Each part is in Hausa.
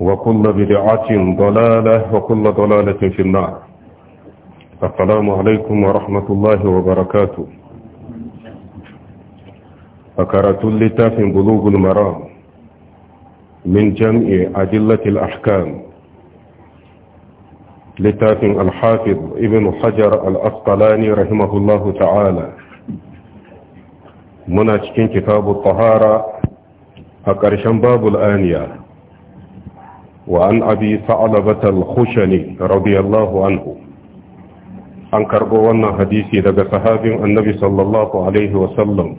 وكل بدعة ضلالة وكل ضلالة في النار السلام عليكم ورحمة الله وبركاته فكرة لتاف بلوغ المرام من جمع أدلة الأحكام لتاف الحافظ ابن حجر الأسقلاني رحمه الله تعالى مناشكين كتاب الطهارة أكرشن باب الآنية وعن أبي ثعلبة الخشني رضي الله عنه an karɓo wannan hadisi daga sahabin annabi sallallahu alaihi wasallam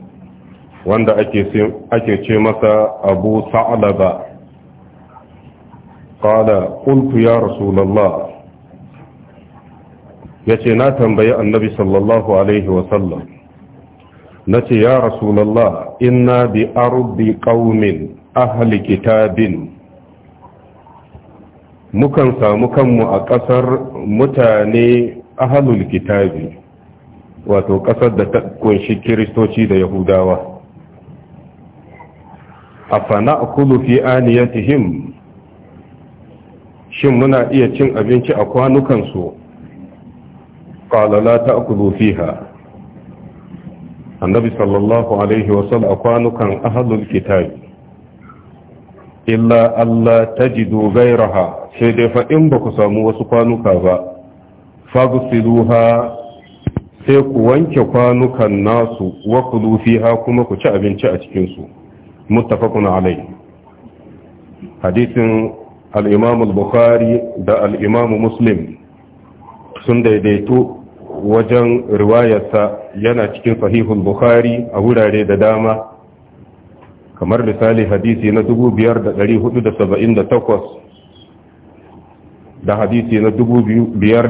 wanda ke ce masa abu sa'alaba ƙada ƙultu ya rasulallah ya ce na tambayi annabi sallallahu alaihi wasallam na ce ya rasulallah inna bi ardi ƙaumin ahli kitabin mukan samu kanmu a ƙasar mutane ahalul kitabi wato ƙasar da ta kunshi kiristoci da yahudawa a fana fi aniyatihim shin muna iya cin abinci a kwanukansu ƙalala ta fiha annabi sallallahu alaihi wasallam a kwanukan ahalul kitabi illa Allah ta ji gairaha sai dai fa in ba ku samu wasu kwanuka ba fa fagsiluha sai ku wanke kwanukan nasu wa ku fiha kuma ku ci abinci a cikin su muttafaqun alai hadisin al-imam al-bukhari da al-imam muslim sun daidaito wajen riwayarsa yana cikin sahihul bukhari a wurare da dama kamar misali hadisi na 2478 da hadisi na biyar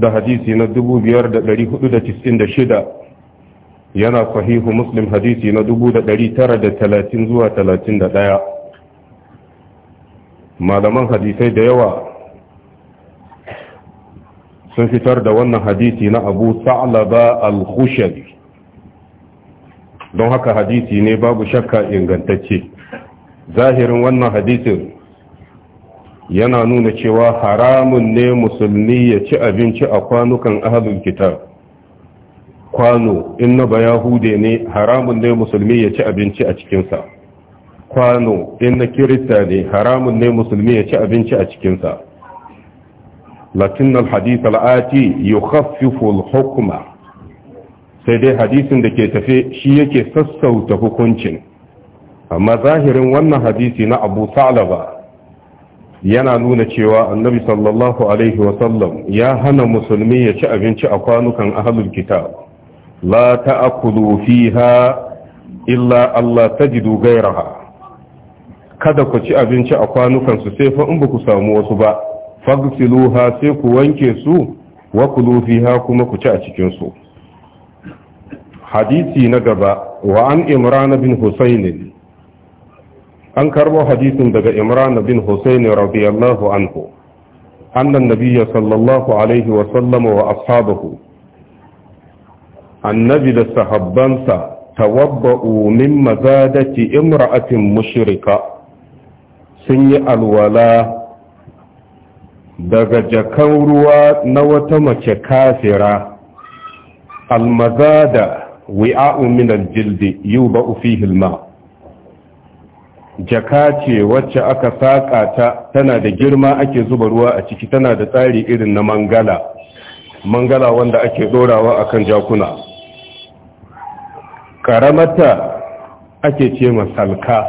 da hadisi na 5496 yana sahihu muslim hadisi na talatin zuwa 31 malaman hadisai da yawa sun fitar da wannan hadisi na abu sa'laba al-khushabi don haka hadisi ne babu shakka ingantacce zahirin wannan hadisin yana nuna cewa haramun ne musulmi ya ci abinci a kwanukan ahalin kitab kwano in na bayahude ne haramun ne musulmi ya ci abinci a cikinsa kwano in na kirista ne haramun ne musulmi ya ci abinci a cikinsa latin alhadith al'ati yukhaffifu al-hukma sai dai hadisin da ke tafe shi yake sassauta hukuncin amma zahirin wannan hadisi na abu salaba yana nuna cewa annabi sallallahu alaihi wasallam ya hana musulmi ya ci abinci a kwanukan ahalul kitab la ta'kulu fiha illa Allah tajidu gairaha kada ku ci abinci a kwanukan su sai fa in ba ku samu wasu ba fagsiluha sai ku wanke su wa kulu fiha kuma ku ci a cikin su hadisi na gaba wa an imran bin Husaini. an karbo hadisin daga imran bin husayn radiyallahu anhu annan nabiyya sallallahu alaihi wa sallama wa ashabahu annabi da sahabbansa tawabba'u min mazadati imra'atin mushrika sun yi alwala daga jakan ruwa na wata mace kafira almazada wi'a'u min aljildi yuba'u fihi alma jaka ce wacce aka saƙa ta tana da girma ake zuba ruwa a ciki tana da tsari irin na mangala mangala wanda ake ɗorawa akan jakuna ƙaramata ake ce masalka.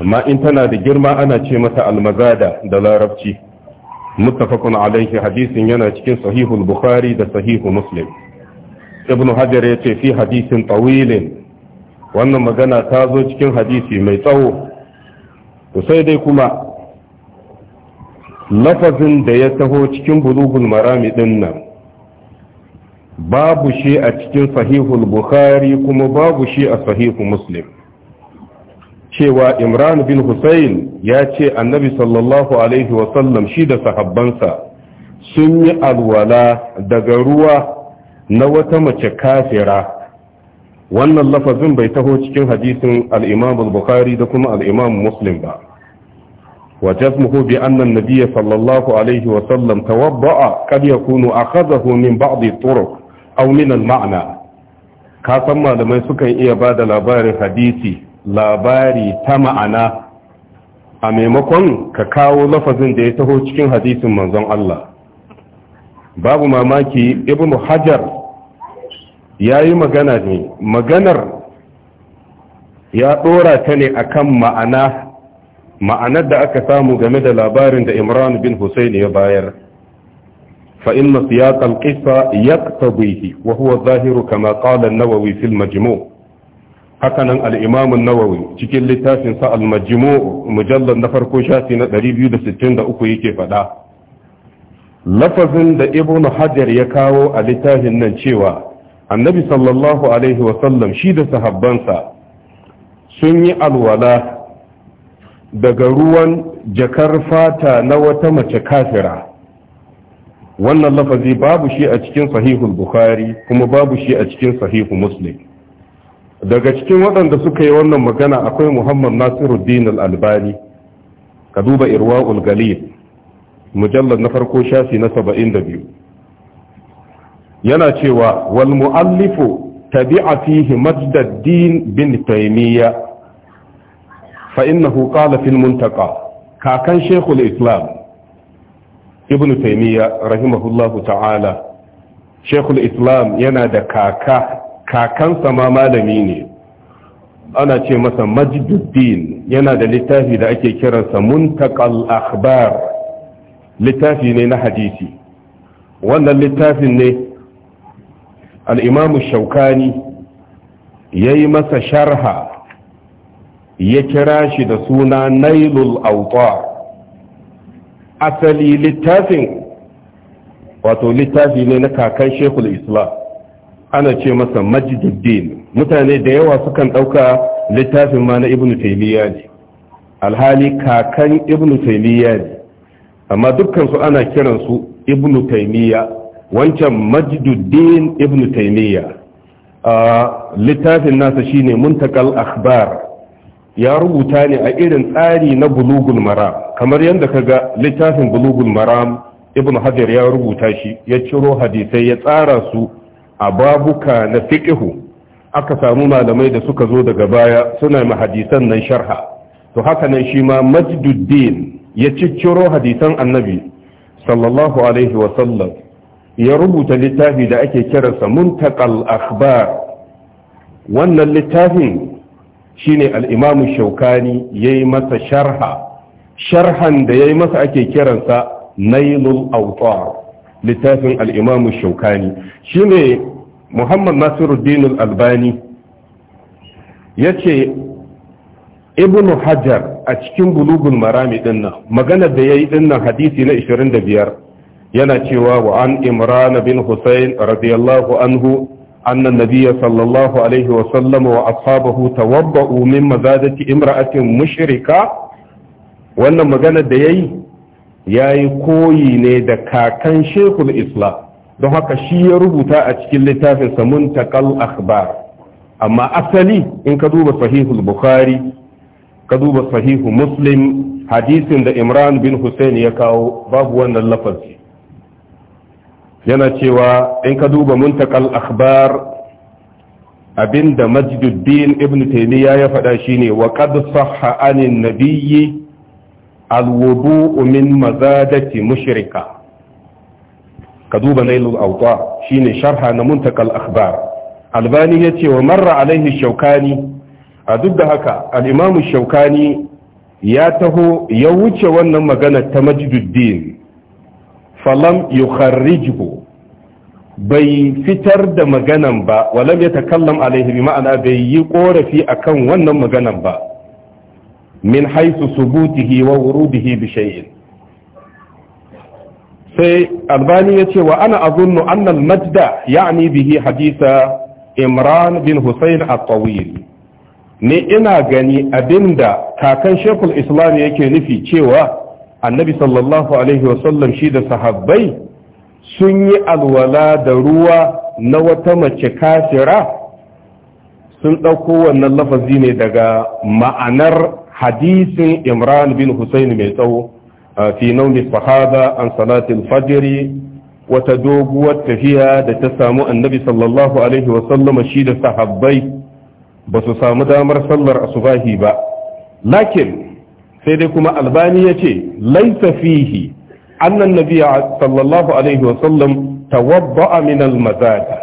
amma in tana da girma ana ce mata almazada da larabci muttafaqun alaihi hadisin yana cikin sahihul bukhari da sahihu muslim ibnu hajar ce fi hadisin tawilin wannan magana ta zo cikin hadisi mai tsawo to sai dai kuma lafazin da ya taho cikin bulugul marami din nan babu shi a cikin sahihul bukhari kuma babu shi a sahihu muslim cewa imran bin Husayn ya ce annabi sallallahu alaihi wasallam shi da sahabbansa sun yi alwala daga ruwa na wata mace kafira wannan lafazin bai taho cikin hadisin al bukhari da kuma al-imam muslim ba wa jazmuhu bi anna an sallallahu alaihi wa sallam tawadda'a kad yakunu akhadahu min ba'd turuq aw ma'ana al ka san malamai sukan iya ba da labarin hadisi labari ta ma'ana a maimakon ka kawo lafazin da ya taho cikin hadisin manzon Allah babu mamaki ibnu hajar ya yi magana ne maganar ya ɗora ta ne akan ma'anar da aka samu game da labarin da imran bin husaini ya bayar fa'in masu ya kalkisa ya tabihi wa huwa zahiru kama kalan nawawi fil majimo hakanan al'imamun nawawi cikin littafin sa al mujallar na farko shafi na 263 yake faɗa lafazin da ibn hajar ya kawo a littafin nan cewa annabi sallallahu alaihi wasallam shi da sahabbansa sun yi alwala daga ruwan jakar fata na wata mace kafira wannan lafazi babu shi a cikin sahihul bukhari kuma babu shi a cikin sahihu muslim daga cikin waɗanda suka yi wannan magana akwai muhammad nasiruddin al-albani ka duba irwa'ul galil mujallar na farko shafi na biyu. yana cewa wal mu'allifu tabi'a fihi majdaddin bin taymiya fa innahu qala fil muntaqa kakan shaykhul islam ibn taymiya rahimahullahu ta'ala shaykhul islam yana da kaka kakansa ma malami ne ana ce masa majduddin yana da littafi da ake kiransa muntakal akhbar littafi ne na hadisi wannan littafin ne al'imamu shaukani ya yi masa sharha ya kira shi da suna nailul autar asali littafin wato littafi ne na kakan shekul islam ana ce masa majiduddin mutane da yawa sukan ɗauka littafin ma na ibn taimiyya ne alhali kakan ibn taimiyya ne amma dukkansu ana kiransu ibn taimiyya wancan majduddin ibn taimiyya littafin nasa shine muntakal akhbar ya rubuta ne a irin tsari na bulugul Mara. kamar yadda ka ga littafin bulugul maram ibn hajar ya rubuta shi ya ciro hadisai ya tsara su a babuka na fiƙihu aka samu malamai da suka zo daga baya suna ma hadisan nan sharha to haka nan shi ma majduddin ya cicciro hadisan annabi sallallahu alaihi wasallam ya rubuta littafi da ake kiransa muntakal akhbar wannan littafin shine al-imam Ya yayi masa sharha sharhan da yayi masa ake kiransa nailul awtar littafin al-imam shaukani shine muhammad nasiruddin al-albani ce Ibn hajar a cikin bulugul marami dinnan maganar da yayi dinnan hadisi na 25 yana cewa wa an imran bin husayn radiyallahu anhu anna nabiyya sallallahu alaihi wa sallama wa ashabahu tawabba'u min mazadati imra'atin mushrika wannan magana da yayi yayi koyi ne da kakan shekul islam don haka shi ya rubuta a cikin littafin sa muntakal akhbar amma asali in ka duba sahihul bukhari ka duba sahihu muslim hadisin da imran bin hussein ya kawo babu wannan lafazi yana cewa in ka duba muntakal akhbar abinda majduddin ibn taymiya ya faɗa shine wa qad sahha anin nabiyyi alwudu'u min mazadati mushrika ka duba nailul awta shine sharha na muntakal akhbar albani yace wa marra alaihi shaukani a duk da haka al-imamu shaukani ya taho ya wuce wannan magana ta majduddin falam yukharrijhu bai fitar da maganan ba walam ya takallam alaihi bi ma'ana bai yi korafi akan wannan maganan ba min haisu subutihi wa wurudihi bi shay'in sai albani ya ce wa ana azunnu anna al-majda ya'ni bihi hadisa imran bin husayn at-tawil ne ina gani abinda kakan shekul islam yake nufi cewa annabi sallallahu alaihi wasallam shi da sahabbai sun yi alwala da ruwa na wata mace kafira sun ɗauko wannan lafazi ne daga ma'anar hadisin imran bin husain mai tsawo fi nauni sahaba an salatin fajiri wata doguwar tafiya da ta samu annabi sallallahu alaihi sallam shi da sahabbai ba su samu damar sallar asubahi ba lakin sai dai kuma albani ya ce laisa fihi annan nabiya sallallahu alaihi wasallam tawabba'a min almazada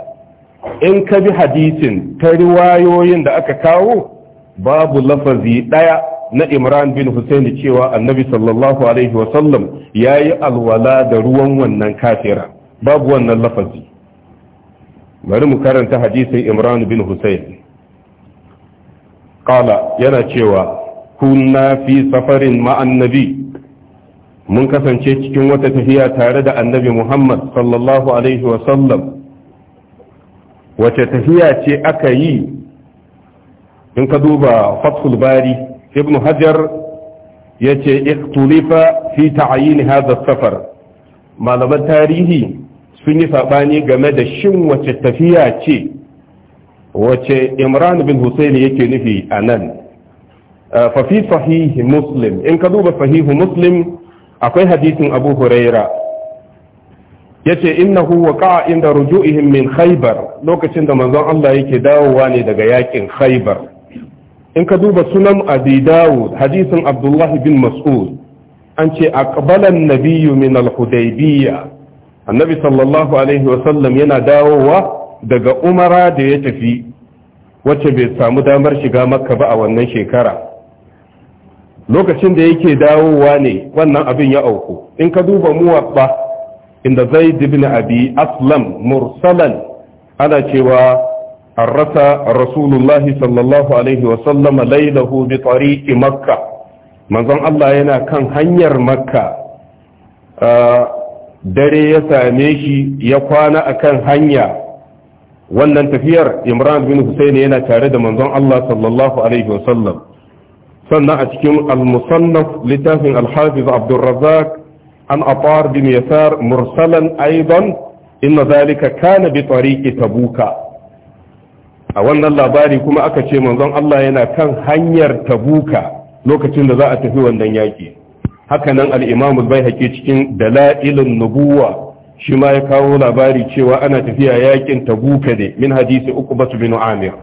in ka bi hadisin ta riwayoyin da aka kawo babu lafazi daya na imran bin husaini cewa annabi sallallahu alaihi wasallam ya yi alwala da ruwan wannan kafira babu wannan lafazi bari mu karanta hadisin imran bin husaini kala yana cewa kunna fi safarin ma'an mun kasance cikin wata tafiya tare da annabi muhammad sallallahu alaihi wasallam wace tafiya ce aka yi in ka duba fathul bari ibn hajar ya ce iktulifa fi ta'ayin hada safar malaman tarihi sun yi saɓani game da shin wace tafiya ce wace imran bin husaini yake nufi a nan Uh, fa fi sahih muslim in ka duba sahih muslim akwai hadisin abu huraira yace innahu waqa'a inda ruju'ihim min khaybar lokacin da manzon Allah yake dawowa ne daga yakin khaybar in ka duba sunan abi dawud hadisin abdullahi bin mas'ud an ce aqbala nabiyyu min al-hudaybiyya annabi sallallahu alaihi wa sallam yana dawowa daga umara da ya tafi wacce bai samu damar shiga makka ba a wannan shekara lokacin da yake dawowa ne wannan abin ya auku in ka duba muwabba inda zaid ibn abi aslam mursalan ana cewa arrasa rasulullahi sallallahu alaihi wa sallam lailahu bi tariqi makka manzon Allah yana kan hanyar makka dare ya same shi ya kwana akan hanya wannan tafiyar imran bin husaini yana tare da manzon Allah sallallahu alaihi wa sallam sannan a cikin al-musannaf littafin al-hafiz an atar bin yasar mursalan aidan inna zalika kana bi tariqi tabuka a wannan labari kuma aka ce manzon Allah yana kan hanyar tabuka lokacin da za a tafi wannan yaki hakanan al-imam al-baihaqi cikin dalailun nubuwa shi ma ya kawo labari cewa ana tafiya yakin tabuka ne min hadisi uqbatu bin amir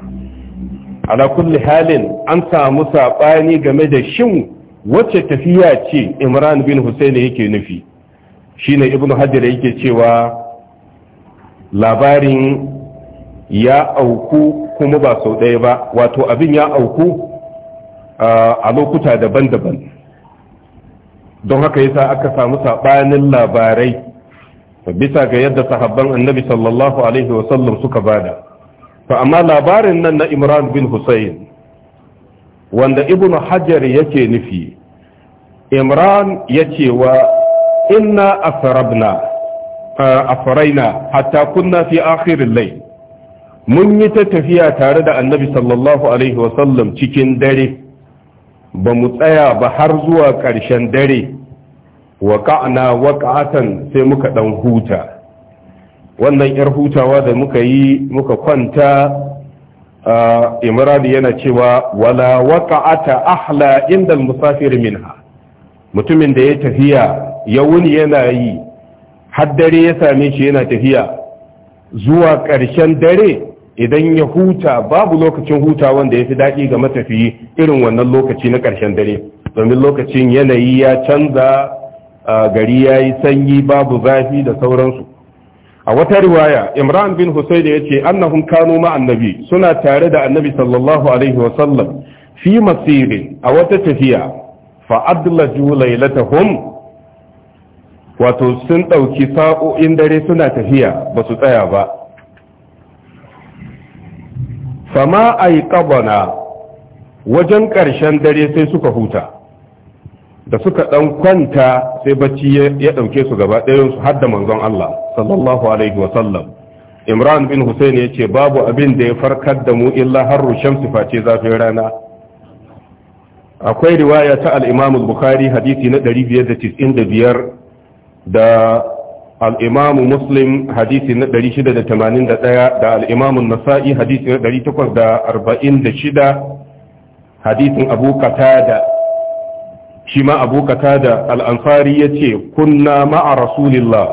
ala kulli halin an samu saɓani game da shin wacce tafiya ce imran bin husayn yake nufi shine ibnu hajar yake cewa labarin ya auku kuma ba sau ɗaya ba wato abin ya auku a lokuta daban-daban don haka yasa aka samu saɓanin labarai bisa ga yadda sahabban annabi sallallahu alaihi wasallam suka bada to amma labarin nan na imran bin hussein wanda ibn hajar yake nufi imran ya ce wa inna asrabna afraina hatta kunna fi akhirin lai mun yi ta tafiya tare da annabi sallallahu alaihi wasallam cikin dare ba mu tsaya ba har zuwa ƙarshen dare wa ka'ana sai muka ɗan huta wannan yar hutawa da muka yi muka kwanta imradi yana cewa wala waqa'ata ahla inda musafir minha mutumin da ya tafiya ya wuni yana yi har dare ya same shi yana tafiya zuwa ƙarshen dare idan ya huta babu lokacin huta wanda ya fi daɗi ga matafiyi irin wannan lokaci na ƙarshen dare domin lokacin yanayi ya canza gari ya yi sanyi babu zafi da sauransu a wata riwaya imran bin husayn ya ce annahum kanu ma annabi suna tare da annabi sallallahu alaihi wa sallam fi masirin a wata tafiya fa adlaju lailatahum wato sun dauki sa'o'in dare suna tafiya ba su tsaya ba fama aiqabana wajen ƙarshen dare sai suka huta da suka ɗan kwanta sai bacci ya ɗauke su gaba ɗayansu har da manzon Allah sallallahu alaihi wasallam imran bin hussein ya ce babu abin da ya farkar da mu illa harru shamsu face zafin rana akwai riwaya ta al-imam bukhari hadisi na 595 da al-imam muslim hadisi na 681 da al-imam nasa'i hadisi na 846 hadisin abu qatada shi ma abu da al'amfari ya ce kunna ma'a rasulillah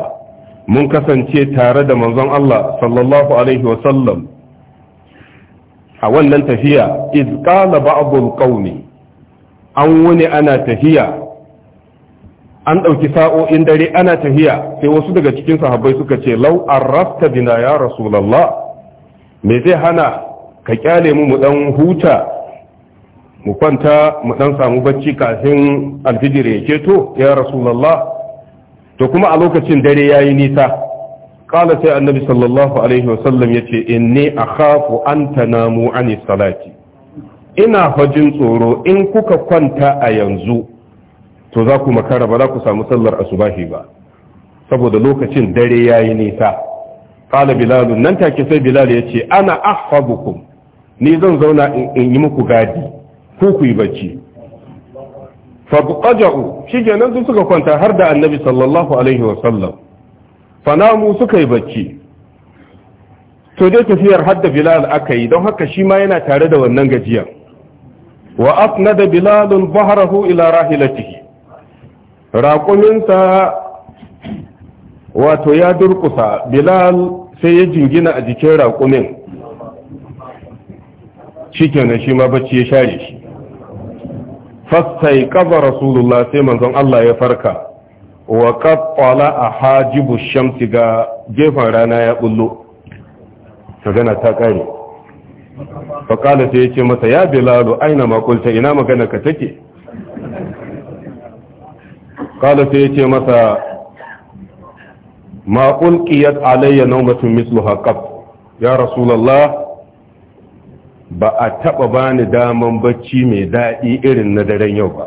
mun kasance tare da manzon Allah sallallahu alaihi wasallam a wannan tafiya izkala ba'abul an wuni ana tafiya an ɗauki sa'o'in dare ana tafiya sai wasu daga cikin sahabbai suka ce lau arrafta bina ya rasulallah me zai hana ka kyale mu mu dan huta mu kwanta mu dan samu bacci kafin alfijir ya keto ya rasulullah to kuma a lokacin dare yayi nisa qala sai annabi sallallahu alaihi wasallam yace inni akhafu an tanamu an salati ina fajin tsoro in kuka kwanta a yanzu to za ku makara ba za ku samu sallar asubahi ba saboda lokacin dare yayi nisa qala bilal nan take sai bilal yace ana ahfabukum ni zan zauna in yi muku gadi Ko ku yi bacci faqaja'u shikenan su suka kwanta har da annabi sallallahu alaihi wa sallam fanamu suka yi bacci to dai tafiyar hadda bilal aka yi don haka shi ma yana tare da wannan gajiya wa asnada bilal bahrahu ila rahilatihi raƙuminsa wato ya durƙusa bilal sai ya jingina a jikin raƙumin shi kenan shi ma bacci ya share shi fastai kaza rasulullah sai manzon Allah ya farka wa qattala a hajibu shamsi ga gefen rana ya bullo magana ta kare faƙala sai ya ce masa ya bilalu aina makulta ina magana ka take ƙala sai ya ce masa maƙulƙiyar alayya naumatun mislu haƙaf ya rasulallah ba a taba bani daman bacci mai daɗi irin na daren yau ba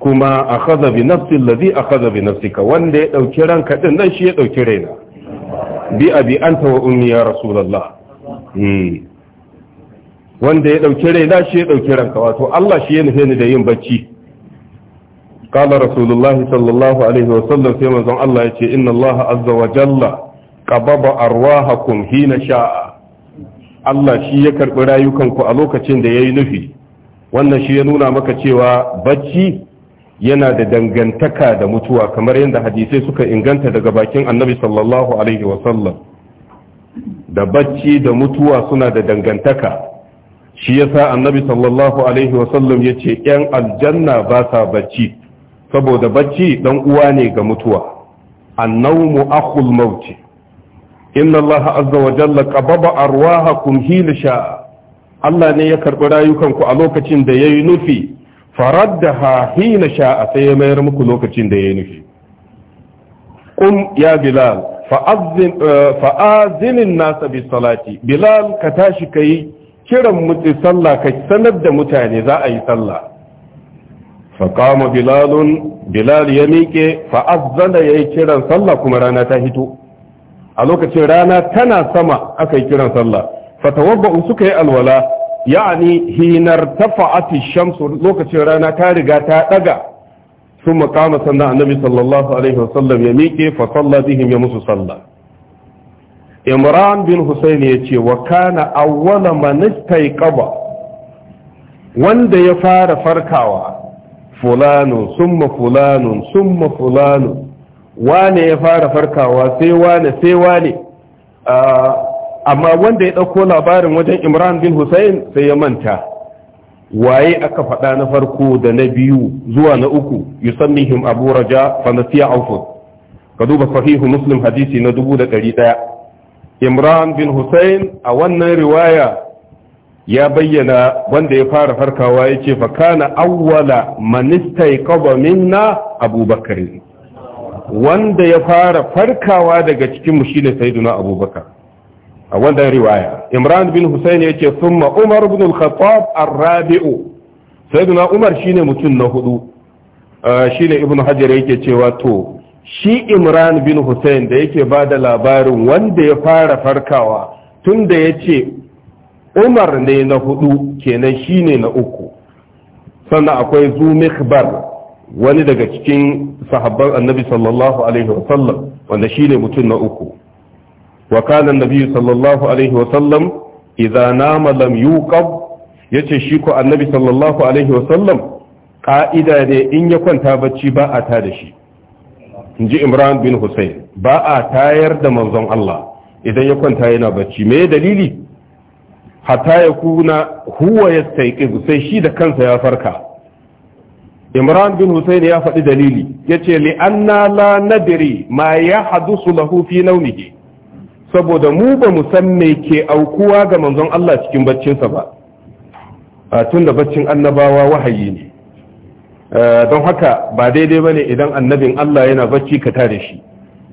kuma a kaza bi nafsi lazi a kaza bi Ka wanda ya ɗauki ranka ɗin nan shi ya ɗauki raina bi abi anta wa ummi ya rasulullah hmm. wanda ya ɗauki raina shi ya ɗauki ranka wato Allah shi ya nufe ni da yin bacci Kala rasulullah sallallahu alaihi wa sallam sai manzon Allah yace, ce inna Allah azza wa jalla qababa arwahakum hina sha'a Allah shi ya karɓi rayukanku a lokacin da ya yi nufi wannan shi ya nuna maka cewa bacci yana da dangantaka da mutuwa kamar yadda hadisai suka inganta daga bakin annabi sallallahu alaihi wasallam da bacci da mutuwa suna da dangantaka shi ya sa annabi sallallahu alaihi wasallam ya ce 'yan aljanna ba sa bacci saboda bacci dan uwa ne ga mutuwa annaumu akhul mauti inna Allah azza wa jalla qababa arwahakum hina sha'a Allah ne ya karbi rayukanku a lokacin da yayi nufi faraddaha hina sha'a sai ya mayar muku lokacin da yayi nufi qum ya bilal fa'azzin eh, fa'azinin nasa bi salati bilal ka tashi kai kiran mutu sallah ka sanar da mutane za a yi sallah فقام بلال بلال يميك فأذن يكرا صلى كما رانا تهتو a lokacin rana tana sama aka yi kiran sallah fatawabba'u suka yi alwala ya'ani hinar tafa'ati shamsu lokacin rana ta riga ta daga sun makama sannan annabi sallallahu alaihi wasallam ya miƙe fa salla ya musu sallah imran bin husaini ya ce wa kana awwala man istayqaba wanda ya fara farkawa fulanun summa fulanun summa fulanun wane ya fara farkawa sai wane sai wane ah, amma wanda ya ɗauko labarin wajen imran bin hussein sai ya manta waye aka faɗa na farko da na biyu zuwa na uku yusammihim abu raja fa nasiya aufud ka duba sahihu muslim hadisi na dubu da ɗari ɗaya imran bin hussein a wannan riwaya ya bayyana wanda ya fara farkawa ya ce fa kana awwala man istayqaba minna abubakar wanda ya fara farkawa daga cikin mu shine sayyiduna abubakar a wannan riwaya imran bin husayn yake thumma umar bin al-khattab ar-rabi'u sayyiduna umar shine mutum na hudu ah, shine ibn hajar yake cewa to shi imran bin husayn da yake ba da labarin wanda ya fara farkawa tun da ya ce umar ne na hudu kenan shine na uku sannan akwai zu wani daga cikin sahabban annabi sallallahu alaihi wa sallam, wanda shine mutum na uku wa kana annabi sallallahu alaihi wa sallam, idza nama lam yuqab yace shi ko annabi sallallahu alaihi wa sallam, ka'ida ne in ya kwanta bacci ba a ta da shi inji imran bin husayn ba a tayar da manzon Allah idan ya kwanta yana bacci me dalili hatta ya kuna huwa yastayqiz sai shi da kansa ya farka imran bin husayn ya faɗi dalili ya ce li anna la nadri ma ya hadusu lahu fi nawmihi saboda mu ba mu san me ke aukuwa ga manzon Allah cikin baccinsa ba tun da baccin annabawa wahayi ne don haka ba daidai bane idan annabin Allah yana bacci ka tare shi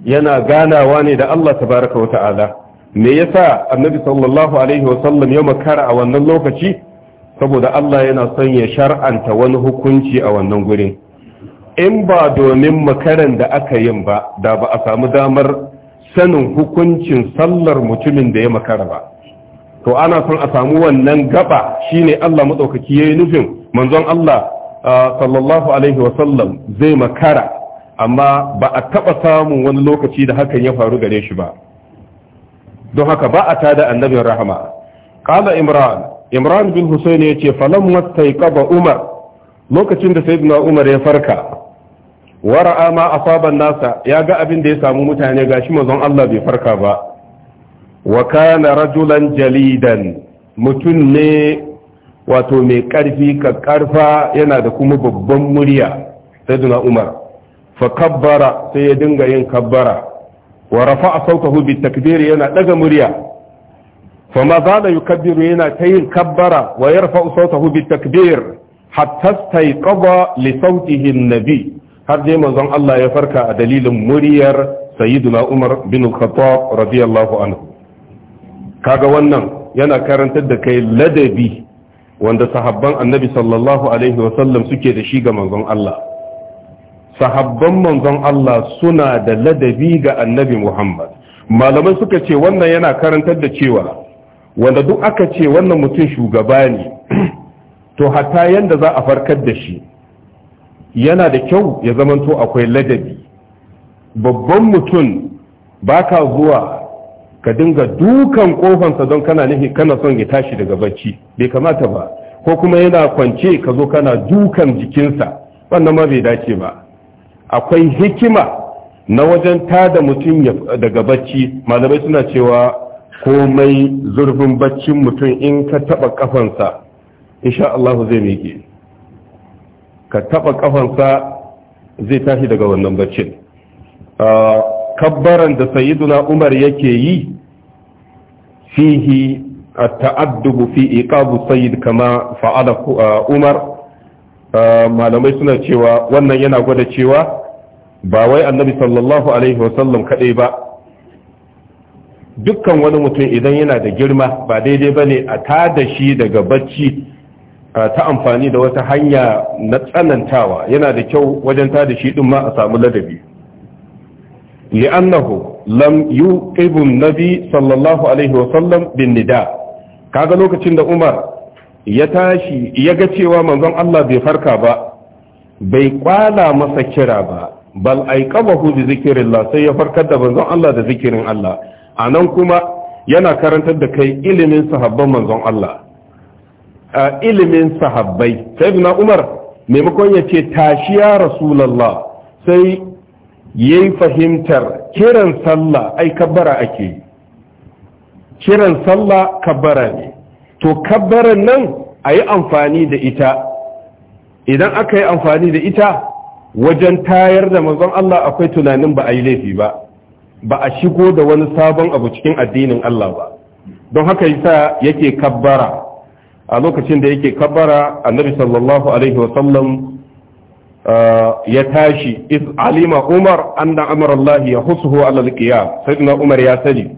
yana ganawa ne da Allah tabaraka wa ta'ala me yasa annabi sallallahu alaihi wa sallam ya makara a wannan lokaci saboda Allah yana son ya shar'anta wani hukunci a wannan gurin in ba domin makaran da aka yin ba da ba a samu damar sanin hukuncin sallar mutumin da ya makara ba to ana son a samu wannan gaba shine Allah maɗaukaki ya yi nufin manzon Allah sallallahu alaihi wasallam zai makara amma ba a taɓa samun wani lokaci da hakan ya faru gare shi ba don haka ba a tada annabin rahama ƙala imran imran bin husayn ya ce falam mastaiqaba umar lokacin da sayyidina umar ya farka wara'a ma asaban nasa ya ga abin da ya samu mutane gashi mazan Allah bai farka ba wa kana rajulan jalidan mutum ne wato mai karfi ka karfa yana da kuma babban murya sayyidina umar fa kabbara sai ya dinga yin kabbara wa rafa'a sautahu bi takbir yana daga murya fa ma zala yukabbiru yana ta yin kabbara wa yarfa'u sautahu bit takbir hatta staiqaba li sautihi nabi har dai manzon Allah ya farka a dalilin muryar sayyiduna Umar bin Khattab radiyallahu anhu kaga wannan yana karantar da kai ladabi wanda sahabban annabi sallallahu alaihi wasallam suke da shi ga manzon Allah sahabban manzon Allah suna da ladabi ga annabi Muhammad malamai suka ce wannan yana karantar da cewa wanda duk aka ce wannan mutum shugaba ne to hatta yanda za a farkar da shi yana da kyau ya zamanto akwai ladabi babban mutum ba ka zuwa ka dinga dukan kofansa don kana nufi kana son ya tashi daga bacci bai kamata ba ko kuma yana kwance ka zo kana dukan jikinsa wannan ma bai dace ba akwai hikima na wajen tada mutum daga bacci malamai suna cewa komai zurfin baccin mutum in ka taba kafansa insha Allah zai miƙe ka taba kafansa zai tashi daga wannan baccin kabbaran da sayyiduna umar yake yi fihi ta'addubu fi إيقاظ sayyid kama فعل Umar. malamai suna cewa wannan yana gwada cewa ba wai annabi sallallahu alaihi wasallam kaɗai ba dukkan wani mutum idan yana da girma ba daidai ba ne a tada shi daga bacci ta amfani da wata hanya na tsanantawa yana da kyau wajen tada shi din ma a samu ladabi li'annahu lam yuqibu nabi sallallahu alaihi wa sallam bin nida kaga lokacin da Umar ya tashi ya ga cewa manzon Allah bai farka ba bai kwala masa kira ba bal aiqabahu bi zikrillah sai ya farkar da manzon Allah da zikirin Allah a nan kuma yana karantar da kai ilimin sahabban manzon Allah a ilimin sahabbai sayyidina Umar maimakon ya ce tashi ya rasulullah sai yayi fahimtar kiran sallah ai kabbara ake kiran sallah kabbara ne to kabbaran nan a yi amfani da ita idan aka yi amfani da ita wajen tayar da manzon Allah akwai tunanin ba a yi laifi ba ba a shigo da wani sabon abu cikin addinin Allah ba don haka yasa yake kabbara a lokacin da yake kabbara annabi sallallahu alaihi wasallam uh, ya tashi iz alima umar anna amara Allah ya husuhu ala alqiyam sayyidina umar ya sani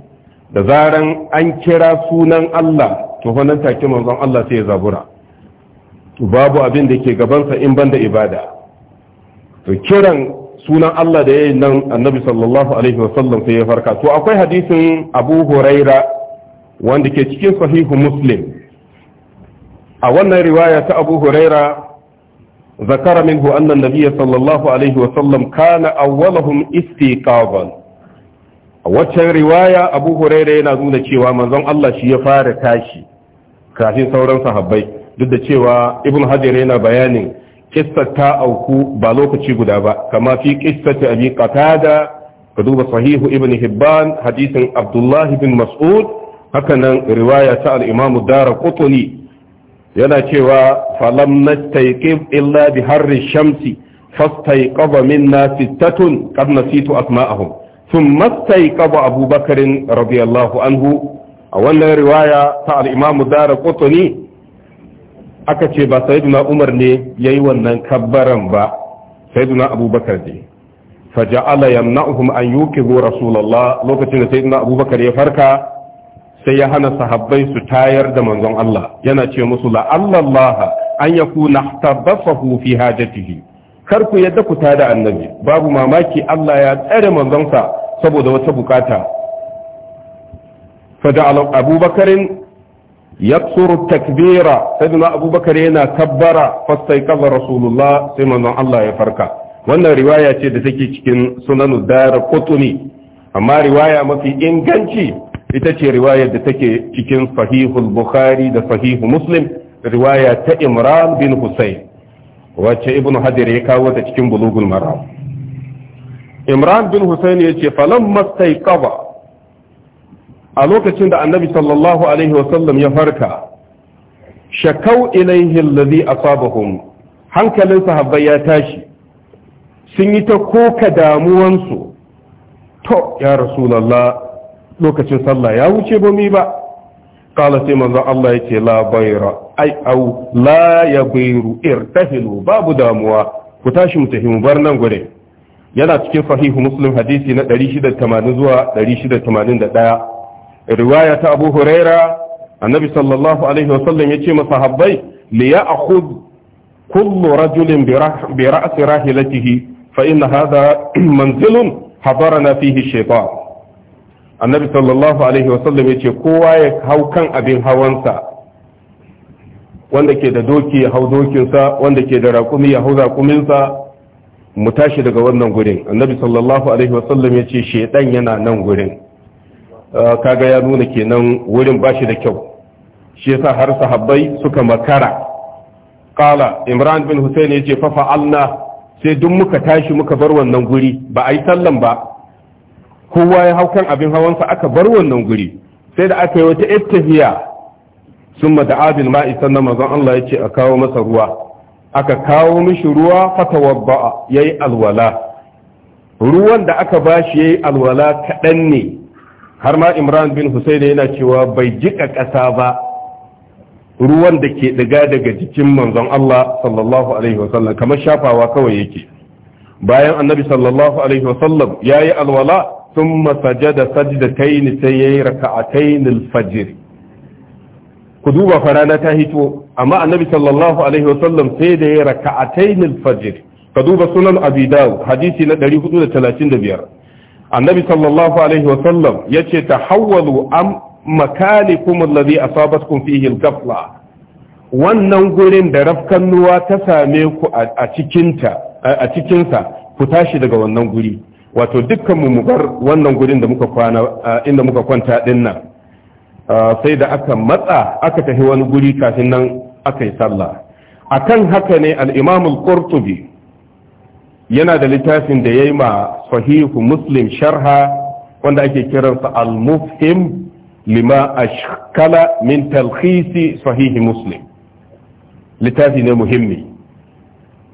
da zaran an kira sunan Allah to wannan take manzon Allah sai ya zabura babu abin da ke gabansa in banda ibada to kiran sunan Allah da yi nan annabi sallallahu alaihi wasallam sai ya farka to akwai hadisin Abu Huraira wanda ke cikin sahihu Muslim a wannan riwaya ta Abu Huraira zakara minhu anna an-nabiy sallallahu alaihi wasallam kana awwalahum istiqaban a waccan riwaya Abu Huraira yana nuna cewa manzon Allah shi ya fara tashi kafin sauran sahabbai duk da cewa Ibn Hajar yana bayanin kissar ta auku ba lokaci guda ba kama fi ta abi qatada ka duba sahihu ibn hibban hadisin abdullahi bin mas'ud hakanan riwaya ta al-imam darqutni yana cewa falam nastayqib illa bi harri shamsi fastayqaba minna sittatun qad nasitu asma'ahum thumma istayqaba abubakar radiyallahu anhu a wannan riwaya ta al-imam darqutni aka ce ba sayyiduna umar ne ya yi wannan kabbaran ba sayyiduna abubakar ne faja'ala yamna'uhum an yuqizu rasulullah lokacin da sayyiduna abubakar ya farka sai ya hana sahabbai su tayar da manzon Allah yana ce musu la'allallaha an yakuna tabafahu fi hajatihi kar ku yadda ku tada annabi babu mamaki Allah ya tsare sa saboda wata bukata faja'ala abubakarin yaksuru takbira sayyidina abubakar yana kabbara fastaiqaza rasulullah sai manzon Allah ya farka wannan riwaya ce da take cikin sunan dar qutni amma riwaya mafi inganci ita ce riwayar da take cikin sahihul bukhari da sahihu muslim riwaya ta imran bin husayn wacce ibn hajar ya kawo ta cikin bulugul maram imran bin ce yace falamma staiqaza a lokacin da annabi sallallahu alaihi wasallam ya farka shakau ilaihi a asabahum hankalin sahabbai ya tashi sun yi ta koka damuwansu to ya rasulullah lokacin sallah ya wuce ba ba kala sai mazan Allah yake la bayra ai au la yabiru irtahilu babu damuwa ku tashi mu tafi mu bar nan gure yana cikin sahihu muslim hadisi na 680 zuwa 681 riwaya ta abu huraira annabi sallallahu alaihi wasallam ya ce masahabbai li ya'khud kullu rajulin bi ra'si rahilatihi fa inna hadha manzilun hadarana fihi shaytan annabi sallallahu alaihi wasallam ya ce kowa ya hau kan abin hawansa wanda ke da doki ya hau dokinsa wanda ke da raƙumi ya hau raƙuminsa mu tashi daga wannan gurin annabi sallallahu alaihi wasallam ya ce shaidan yana nan gurin Eh, kaga ya nuna kenan wurin bashi da kyau shi yasa har sahabbai suka makara qala imran bin husayn yace fa fa'alna sai duk muka tashi muka bar wannan guri ba a yi sallan ba kowa ya hau kan abin sa aka bar wannan guri sai da aka yi wata ittihiya summa da abin ma'i sannan mazan Allah ya ce a kawo masa ruwa aka kawo mishi ruwa fa tawabba yi alwala ruwan da aka bashi yayi alwala kaɗan ne har ma imran bin husayn yana cewa bai jika ƙasa ba ruwan da ke ɗiga daga jikin manzon Allah sallallahu alaihi wasallam kamar shafawa kawai yake bayan annabi sallallahu alaihi wasallam yi alwala sun thumma sajada sajdatayn sai yayi raka'atayn al-fajr ku duba fa rana ta hito amma annabi sallallahu alaihi wasallam sai da yayi raka'atayn al-fajr ka duba sunan abi dawud hadisi na 435 annabi sallallahu alaihi sallam ya ce ta hawwalu am makalikum alladhi asabatkum fihi al wannan gurin da rafkannuwa ta same ku a cikinsa ku tashi daga wannan guri wato dukkan mu bar wannan gurin da muka kwana inda muka kwanta din nan sai da aka matsa aka tafi wani guri kafin nan aka yi sallah akan haka ne al-imam al-qurtubi yana da littafin da ya yi ma sahihu muslim sharha wanda ake kiransa al-mufhim lima ashkala min talkhisi sahihi muslim littafi ne muhimmi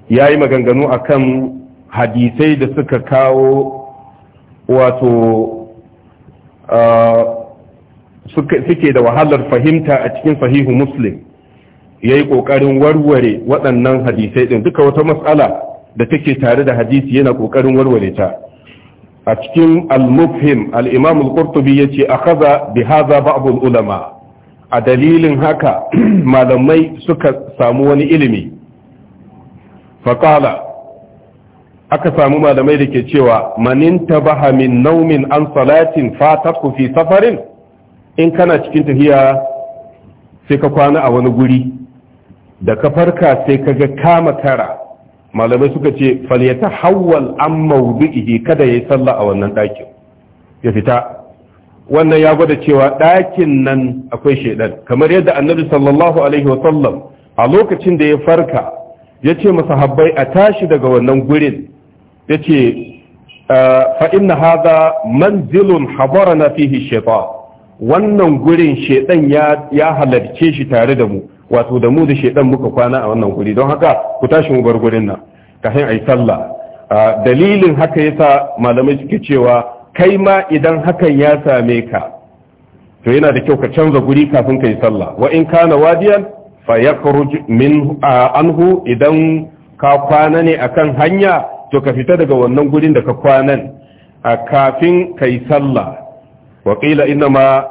ya yi maganganu akan hadisai da suka kawo wato suke da wahalar fahimta a cikin sahihu muslim ya yi ƙoƙarin warware waɗannan hadisai ɗin duka wata matsala da take tare da hadisi yana kokarin warware ta a cikin al-mufhim al-imam al-qurtubi yace akhadha bi hadha ba'd ulama a dalilin haka malamai suka samu wani ilimi faqala aka samu malamai da ke cewa manin tabaha min naumin an salatin fatatku fi safarin in kana cikin tafiya sai ka kwana a wani guri da ka farka sai ka ga kama kara malamai suka ce falyata hawwal an maudu'ihi kada yayi sallah a wannan ɗakin ya fita wannan ya gwada cewa ɗakin nan akwai shaidan kamar yadda annabi sallallahu alaihi wa sallam a lokacin da ya farka ya ce masahabbai a tashi daga wannan gurin ya ce fa inna hadha manzilun habarana fihi shaitan wannan gurin shaidan ya halarce shi tare da mu wato da mu da shedan muka kwana a wannan guri don haka ku tashi mu bar gurin nan kafin ayi sallah dalilin haka yasa malamai suke cewa kai ma idan hakan ya same ka to yana da kyau ka canza guri kafin ka yi sallah wa in kana wadiyan fa yakhruj min anhu idan ka kwana ne akan hanya to ka fita daga wannan gurin da ka kwanan kafin ka yi sallah wa qila inna ma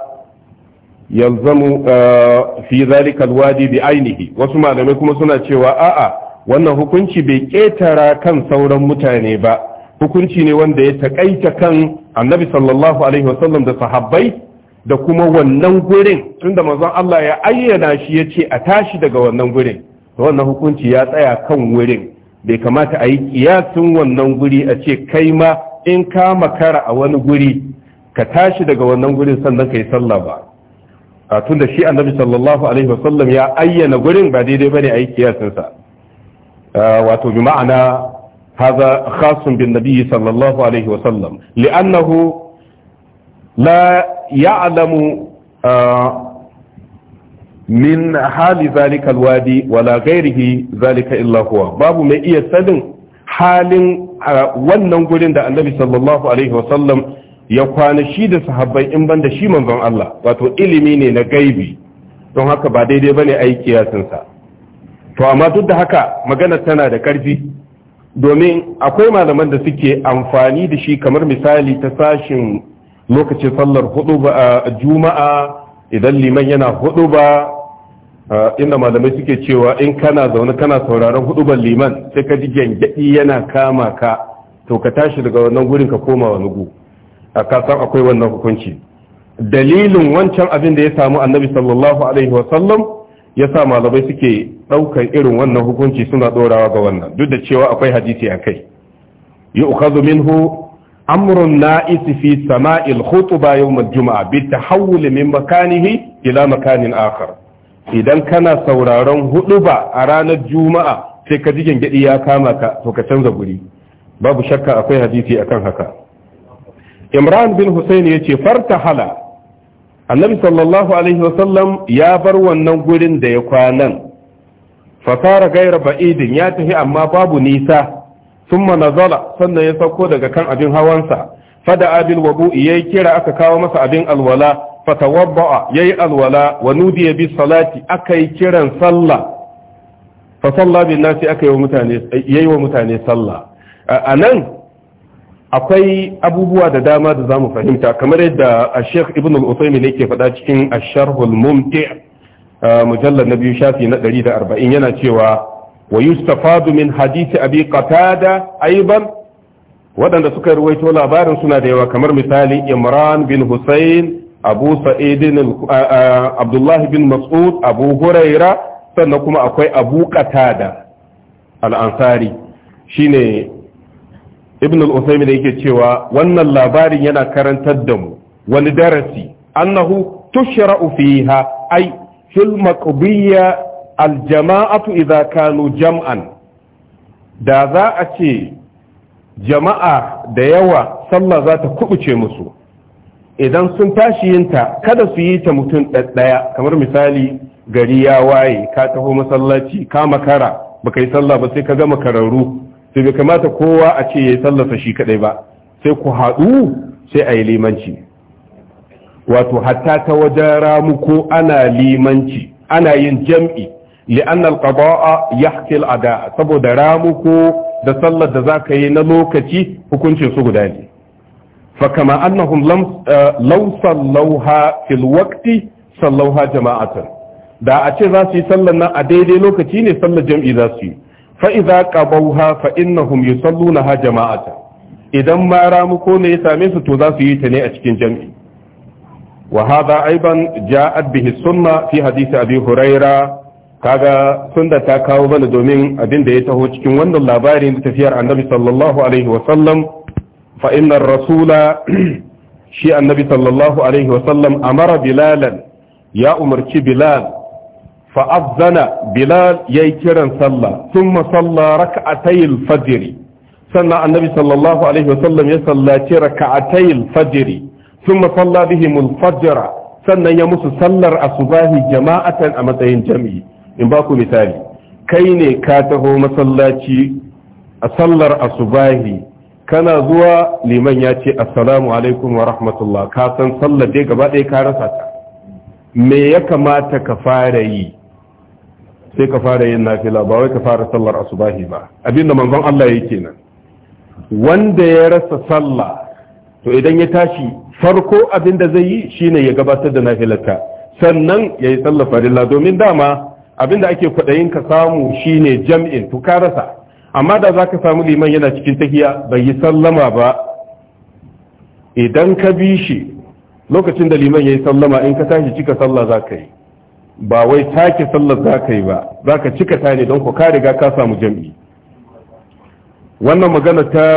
yalzamu eh, fi zalika alwadi bi ainihi wasu malamai kuma suna cewa a'a wannan hukunci bai ketara kan sauran mutane ba hukunci ne wanda ya takaita kan annabi sallallahu alaihi wasallam da sahabbai da kuma wannan gurin tunda manzon Allah ya ayyana shi ya ce a tashi daga wannan gurin to wannan hukunci ya tsaya kan wurin bai kamata a yi kiyasin wannan guri a ce kai ma in ka makara a wani guri ka tashi daga wannan gurin sannan ka yi sallah ba tun da shi annabi sallallahu alaihi wasallam ya ayyana gurin ba daidai bane a yi kiyasinsa wato bi ma'ana haza khasun bin nabiyyi sallallahu alaihi wasallam li'annahu la ya'lamu min hali zalika alwadi wala ghairihi zalika illa huwa babu mai iya sanin halin wannan gurin da annabi sallallahu alaihi wasallam ya kwana shi da sahabbai in banda shi manzon Allah wato ilimi ne na gaibi don haka ba daidai ba ne aiki ya to amma duk da haka magana tana da ƙarfi domin akwai malaman da suke amfani da shi kamar misali ta sashin lokacin sallar hudu ba juma'a idan liman yana hudu ba inda malamai suke cewa in kana zaune kana sauraron ban liman sai ka ji gyangyaɗi yana kama ka to ka tashi daga wannan gurin ka koma wani gu a kasan akwai wannan hukunci dalilin wancan abin da ya samu annabi sallallahu alaihi wasallam ya sa malamai suke ɗaukar irin wannan hukunci suna ɗorawa ga wannan duk da cewa akwai hadisi a kai yi ukazu minhu amrun na'isi fi sama'il khutba yawm al-jum'a bi tahawul min makanihi ila makanin akhar idan kana sauraron huɗuba a ranar juma'a sai ka ji gangadi ya kama ka to ka canza guri babu shakka akwai hadisi akan haka imran bin Hussein ya ce farta hala annabi sallallahu alaihi wasallam ya bar wannan gurin da ya kwanan fasara gaira ba'idin ya tafi amma babu nisa sun sannan ya sauko daga kan abin hawansa fada abin wabu'i ya kira aka kawo masa abin alwala fatawabba'a yi alwala wa nudiya bi salati yi kiran sallah fa salla bin nasi akai wa mutane wa mutane sallah akwai abubuwa da dama da zamu fahimta kamar yadda a sheikh ibn al-usaymi ne ke faɗa cikin asharhul mumti mujallar na biyu shafi na 140 yana cewa wa yustafadu min hadisi abi qatada aiban waɗanda suka ruwaito labarin suna da yawa kamar misali imran bin husayn abu sa'idin abdullah bin mas'ud abu huraira sannan kuma akwai abu qatada al-ansari shine ibn al-usaymin yake cewa wannan labarin yana karantar da mu wani darasi annahu tushra'u fiha ay fil maqbiyya al-jama'atu idza kanu jam'an da za a ce jama'a da yawa sallah za ta kubuce musu idan sun tashi yinta kada su yi ta mutum ɗaya kamar misali gari ya waye ka taho masallaci ka makara baka yi sallah ba sai ka gama kararru. to bai kamata kowa a ce ya yi sallarsa shi kadai ba sai ku haɗu sai a yi limanci wato hatta ta wajen ramuko ana limanci ana yin jam'i li'an alqada'a yahki da saboda ramuko da sallar da zaka yi na lokaci hukuncin su guda ne fa kama annahum eh, law sallauha fil waqti sallauha jama'atan da a ce za su yi sallar nan a daidai lokaci ne sallar jam'i za su yi fa idza qabawha fa innahum yusallunaha jama'ata idan ma ramuko ne ya same su to za su yi ta ne a cikin jami'i wa hadha aiban ja bihi sunna fi hadisi abi huraira kaga sunna ta kawo bana domin abin da ya taho cikin wannan labarin da tafiyar annabi sallallahu alaihi wa sallam fa inna shi annabi sallallahu alaihi wa sallam amara bilalan ya umarci bilal fa'azzana bilal ya yi kiran sallah sun masalla raka'atayil fajiri sannan annabi sallallahu alaihi wasallam ya sallaci raka'atayil fajiri sun masalla bihimul fajira sannan ya musu sallar asubahi jama'atan a matsayin jami'i in ba ku misali kai ne ka taho masallaci a sallar asubahi kana zuwa liman ya ce assalamu alaikum wa rahmatullah ka san sallar dai gaba ɗaya ka rasa ta me ya kamata ka fara yi sai ka fara yin nafila ba wai ka fara sallar asubahi ba abinda manzon Allah yake kenan wanda ya rasa sallah to idan ya tashi farko abinda zai yi shine ya gabatar da nafilarka sannan ya yi sallar farilla domin dama abinda ake kwaɗayin ka samu shine jam'in to ka rasa amma da zaka samu liman yana cikin tahiya bai yi sallama ba idan ka bi shi lokacin da liman ya yi sallama in ka tashi cika sallah za ka yi ba wai take sallar za ka yi ba za ka cika ta ne don ku ka riga ka samu jam'i wannan magana ta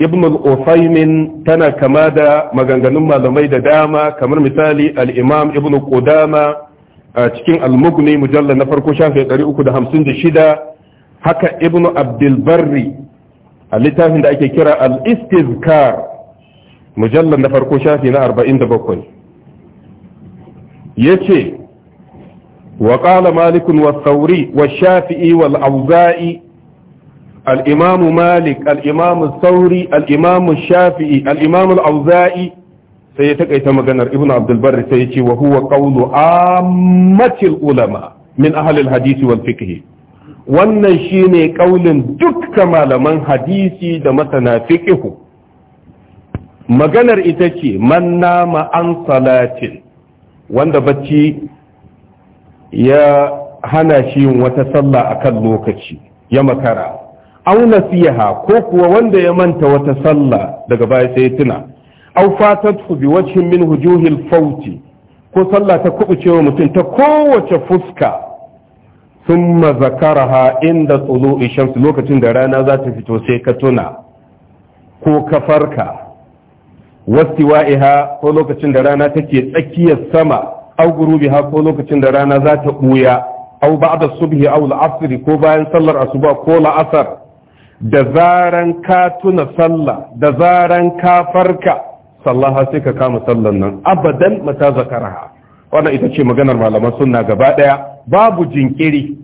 ibn al-usaymin tana kama da maganganun malamai da dama kamar misali al-imam ibn qudama a cikin al-mughni mujallal na farko shafi 356 haka ibn abdul barri a littafin da ake kira al-istizkar mujallal na farko shafi na 47 yace وقال مالك والثوري والشافعي والأوزائي الإمام مالك الإمام الثوري الإمام الشافعي الإمام الأوزائي سيتقي تمغنر ابن عبد البر سيتي وهو قول عامة العلماء من أهل الحديث والفقه wannan shine kaulin dukkan malaman hadisi da masana fiqhu maganar ita ce man nama an salatin wanda bacci ya hana shi yin wata sallah a kan lokaci ya makara aw nasiha ko kuwa wanda ya manta wata sallah daga baya sai tuna. tuna aw su bi wajhin min wujuhil fawti ko sallah ta kubucewa mutum ta kowace fuska sun thumma zakaraha inda tulu'i shams lokacin da rana za ta fito sai ka tuna ko ka farka waiha ko lokacin da rana take tsakiyar sama aw gurubiha ko lokacin da rana za ta buya aw ba'da subhi aw al ko bayan sallar asuba ko la'asar da zaran ka tuna sallah da zaran ka farka sallaha sai ka kama sallan nan abadan mata zakaraha wannan ita ce maganar malaman sunna gaba daya babu jinkiri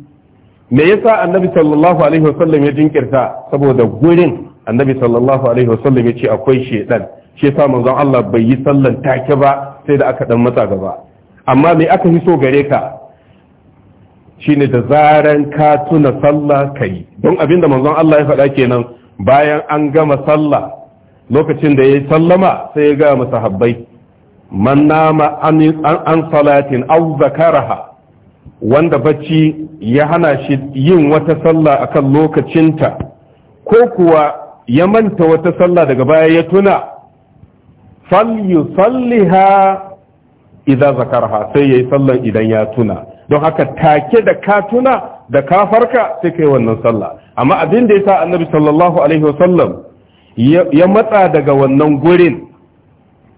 me yasa annabi sallallahu alaihi wasallam ya jinkirta saboda gurin annabi sallallahu alaihi wasallam ya ce akwai shedan shi yasa manzon Allah bai yi sallan take ba sai da aka dan matsa gaba amma me aka fi so gare ka shine da zaran ka tuna sallah kai don abinda manzon Allah ya faɗa kenan bayan an gama sallah lokacin da ya yi sallama sai ya gama masahabbai man nama an salatin au zakaraha wanda bacci ya hana shi yin wata sallah akan lokacinta ko kuwa ya manta wata sallah daga baya ya tuna falyusalliha idza zakarha sai yayi sallan idan ya tuna don haka take da ka tuna da ka farka sai kai wannan sallah amma abin da yasa annabi sallallahu alaihi wasallam ya matsa daga wannan gurin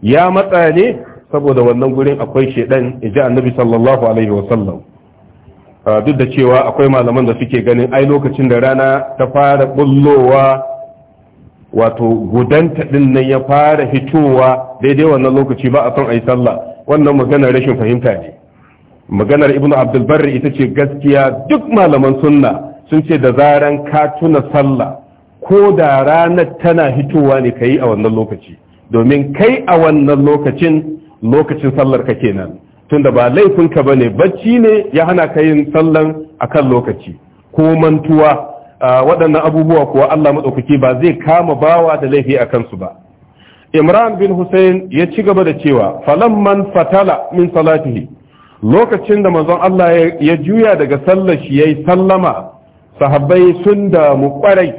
ya matsa ne saboda wannan gurin akwai shedan ji annabi sallallahu alaihi wasallam duk da cewa akwai malaman da suke ganin ai lokacin da rana ta fara bullowa wato gudanta din nan ya fara hitowa daidai wannan lokaci ba a son a yi sallah wannan maganar rashin fahimta ne maganar ibnu abdul barri ita ce gaskiya duk malaman sunna sun ce da zaran ka tuna sallah ko da ranar tana hitowa ne ka yi a wannan lokaci domin kai a wannan lokacin lokacin sallar ka kenan tunda ba laifinka ba ne bacci ne ya hana ka yin sallan akan lokaci ko mantuwa waɗannan abubuwa kuwa allah maɗaukaki ba zai kama bawa da laifi a kansu ba imran bin hussein ya ci gaba da cewa man fatala min salatihi lokacin da manzon Allah ya juya daga sallar shi yayi sallama sahabbai sun damu kwarai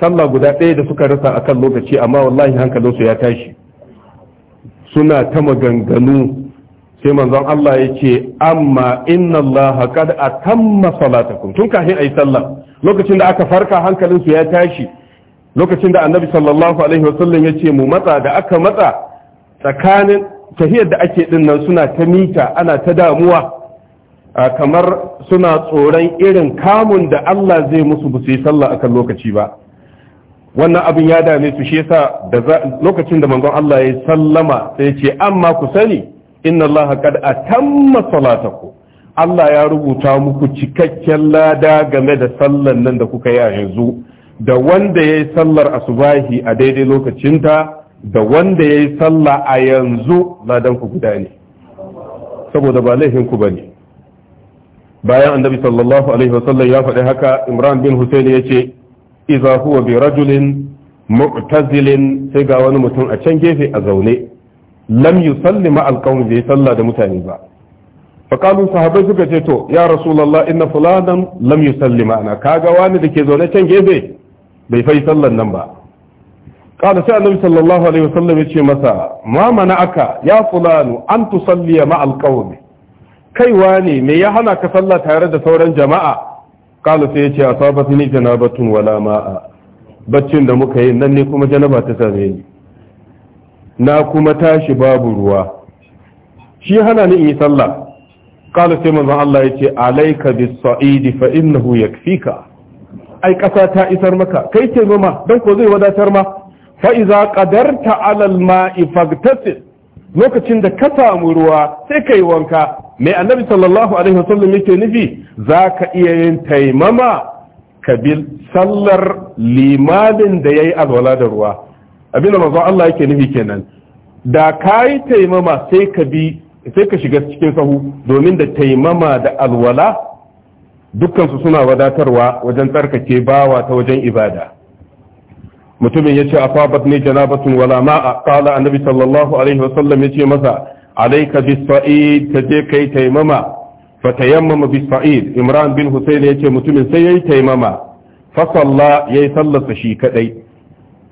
sallah guda ɗaya da suka rasa akan lokaci amma wallahi hankalinsu ya tashi suna ta maganganu sai manzon Allah ya ce amma inna Allah qad atamma salatakum tun kafin yi sallah lokacin da aka farka hankalinsu ya tashi lokacin da annabi sallallahu alaihi wasallam ya ce mu matsa da aka matsa tsakanin tahiyar da ake din nan suna ta mita ana ta damuwa kamar suna tsoron irin kamun da Allah zai musu ba su yi sallah akan lokaci ba wannan abin ya dame su shi yasa da lokacin da mangon Allah ya sallama sai ya ce amma ku sani inna Allah qad atamma salataku Allah ya rubuta muku cikakken lada game da sallan nan da kuka yi a yanzu da wanda ya yi sallar asubahi a daidai lokacinta da wanda ya yi sallah a yanzu ladanku guda ne saboda ba laifinku ba ne bayan annabi sallallahu alaihi wasallam ya faɗi haka imran bin hussein ya ce iza huwa bi rajulin mu'tazilin sai ga wani mutum a can gefe a zaune lam yusalli ma alqawm bai sallah da mutane ba faqalu sahabai suka ce to ya rasulullah inna fulanan lam yusalli ma'ana kaga wani da ke zaune can gefe bai fai sallan nan ba qala sai annabi sallallahu alaihi wasallam ya ce masa ma mana aka ya fulanu an tusalliya ma alqawmi kaiwa ne me ya hana ka sallah tare da sauran jama'a qala sai ya ce asabatni janabatun wala ma'a baccin da muka yi nan ne kuma janaba ta same ni na kuma tashi babu ruwa shi hana ni in yi sallah qala sai manzon Allah yace alayka bis sa'id fa innahu yakfika ai ƙasa ta isar maka kai ce noma don ko zai wadatar ma fa'iza ƙadarta alal ma'i fagtasil lokacin da ka samu ruwa sai ka yi wanka mai annabi sallallahu alaihi wasallam yake nufi za ka iya yin taimama ka bi sallar limamin da ya yi alwala da ruwa abinda manzo Allah yake nufi kenan da ka yi taimama sai ka bi sai ka shiga cikin sahu domin da taimama da alwala dukkansu suna wadatarwa wajen tsarkake bawa ta wajen ibada mutumin yace afabat ne janabatun wala ma'a annabi sallallahu alaihi wasallam yace masa alayka bis ta je kai taimama fatayammama bis-sa'id imran bin husayn ce mutumin sai yayi taimama fa salla yayi sallarsa shi kadai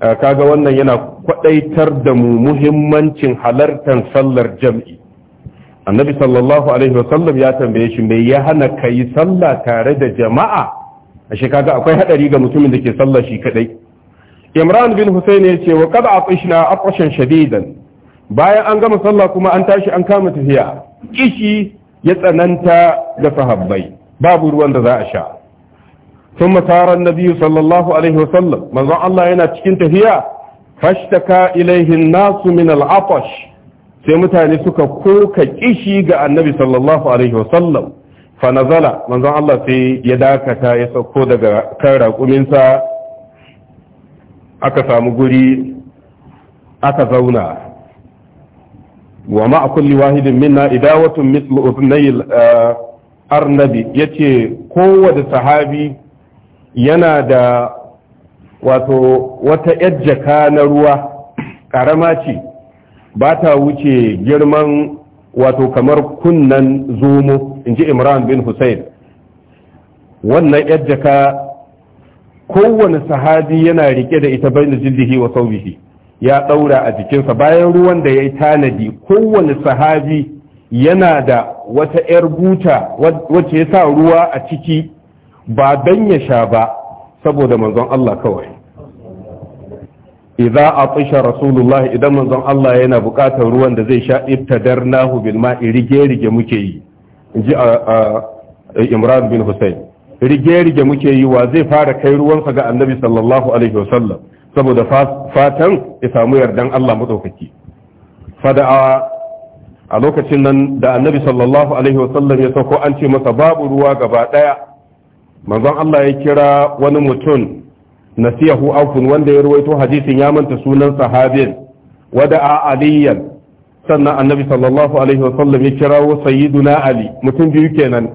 kaga wannan yana kwadaitar da mu muhimmancin halartar sallar jam'i annabi sallallahu alaihi wasallam ya tambaye shi mai ya hana ka yi sallah tare da jama'a a shekaga akwai hadari ga mutumin da ke sallah shi kadai imran bin husayn ya ce wa qad atishna atashan shadidan bayan an gama sallah kuma an tashi an kama tafiya kishi ya tsananta ga sahabbai babu ruwan da za a sha ثم سار النبي صلى الله عليه وسلم manzon Allah yana cikin tafiya fashtaka ilaihin nasu min al'atash sai mutane suka koka kishi ga annabi sallallahu alaihi wasallam fa nazala manzon Allah sai ya dakata ya sauko daga kan raƙuminsa aka samu guri aka zauna wa ma kulli wahidin minna idawatun mithlu uthnayil uh, arnabi yace kowace sahabi yana da wato wata yajjaka na ruwa karama ce ba ta wuce girman wato kamar kunnan zomo in ji imran bin hussein wannan yar jaka kowane sahabi yana rike da ita bayan jildihi wa saubihi ya daura a jikinsa bayan ruwan da ya yi tanadi kowane sahabi yana da wata 'yar buta wacce yasa ruwa a ciki ba don ya sha ba saboda manzon Allah kawai idza atisha rasulullah idan manzon Allah yana buƙatar ruwan da zai sha ibtadarnahu bil ma'i rige rige muke yi inji Imran bin Hussein rige rige muke yi wa zai fara kai ruwansa ga Annabi sallallahu alaihi wasallam saboda fatan ya samu yardan Allah madaukaki Fada a lokacin nan da Annabi sallallahu alaihi wasallam ya sauko an ce masa babu ruwa gaba daya manzon Allah ya kira wani mutum nasiyahu afun wanda ya ruwaito hadisin ya manta sunan sahabin wada a aliyan sannan annabi sallallahu alaihi wa sallam ya kirawo sayyiduna ali mutum biyu kenan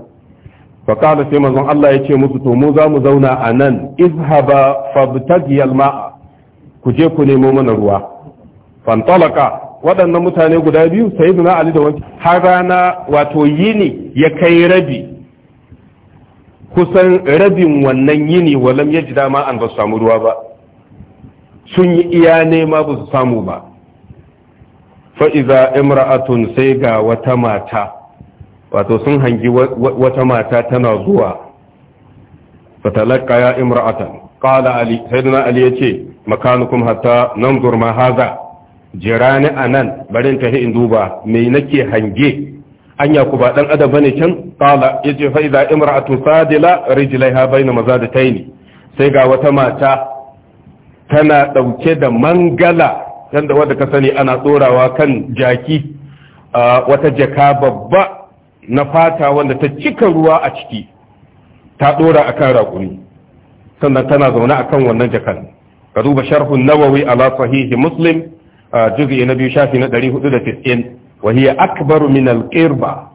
fa qala sai manzon Allah ya ce musu to mu za mu zauna a nan izhaba fabtagi alma'a ku je ku nemo mana ruwa fantalaka waɗannan mutane guda biyu sayyiduna ali da wani har rana wato yini ya kai rabi kusan rabin wannan yini walam ya ji dama an ba su samu ruwa ba sun yi iya nema ba su samu ba fa'iza imra'atun sai ga wata mata wato sun hangi wata mata tana zuwa fatalaka ya imra'atan ƙala ali sayyidina ali ya ce makanukum hatta nan ma haza jirani a nan barin hi in duba mai nake hange anya ku ba dan adam bane can qala yace fa idza imra'atu sadila rijlaiha baina mazadataini sai ga wata mata tana dauke da mangala yanda wanda ka sani ana tsorawa kan jaki wata jaka babba na fata wanda ta cika ruwa a ciki ta dora akan raƙumi sannan tana zaune akan wannan jakan ka duba sharhun nawawi ala sahihi muslim juz'i na biyu shafi na 490 wa hiya akbaru min alqirba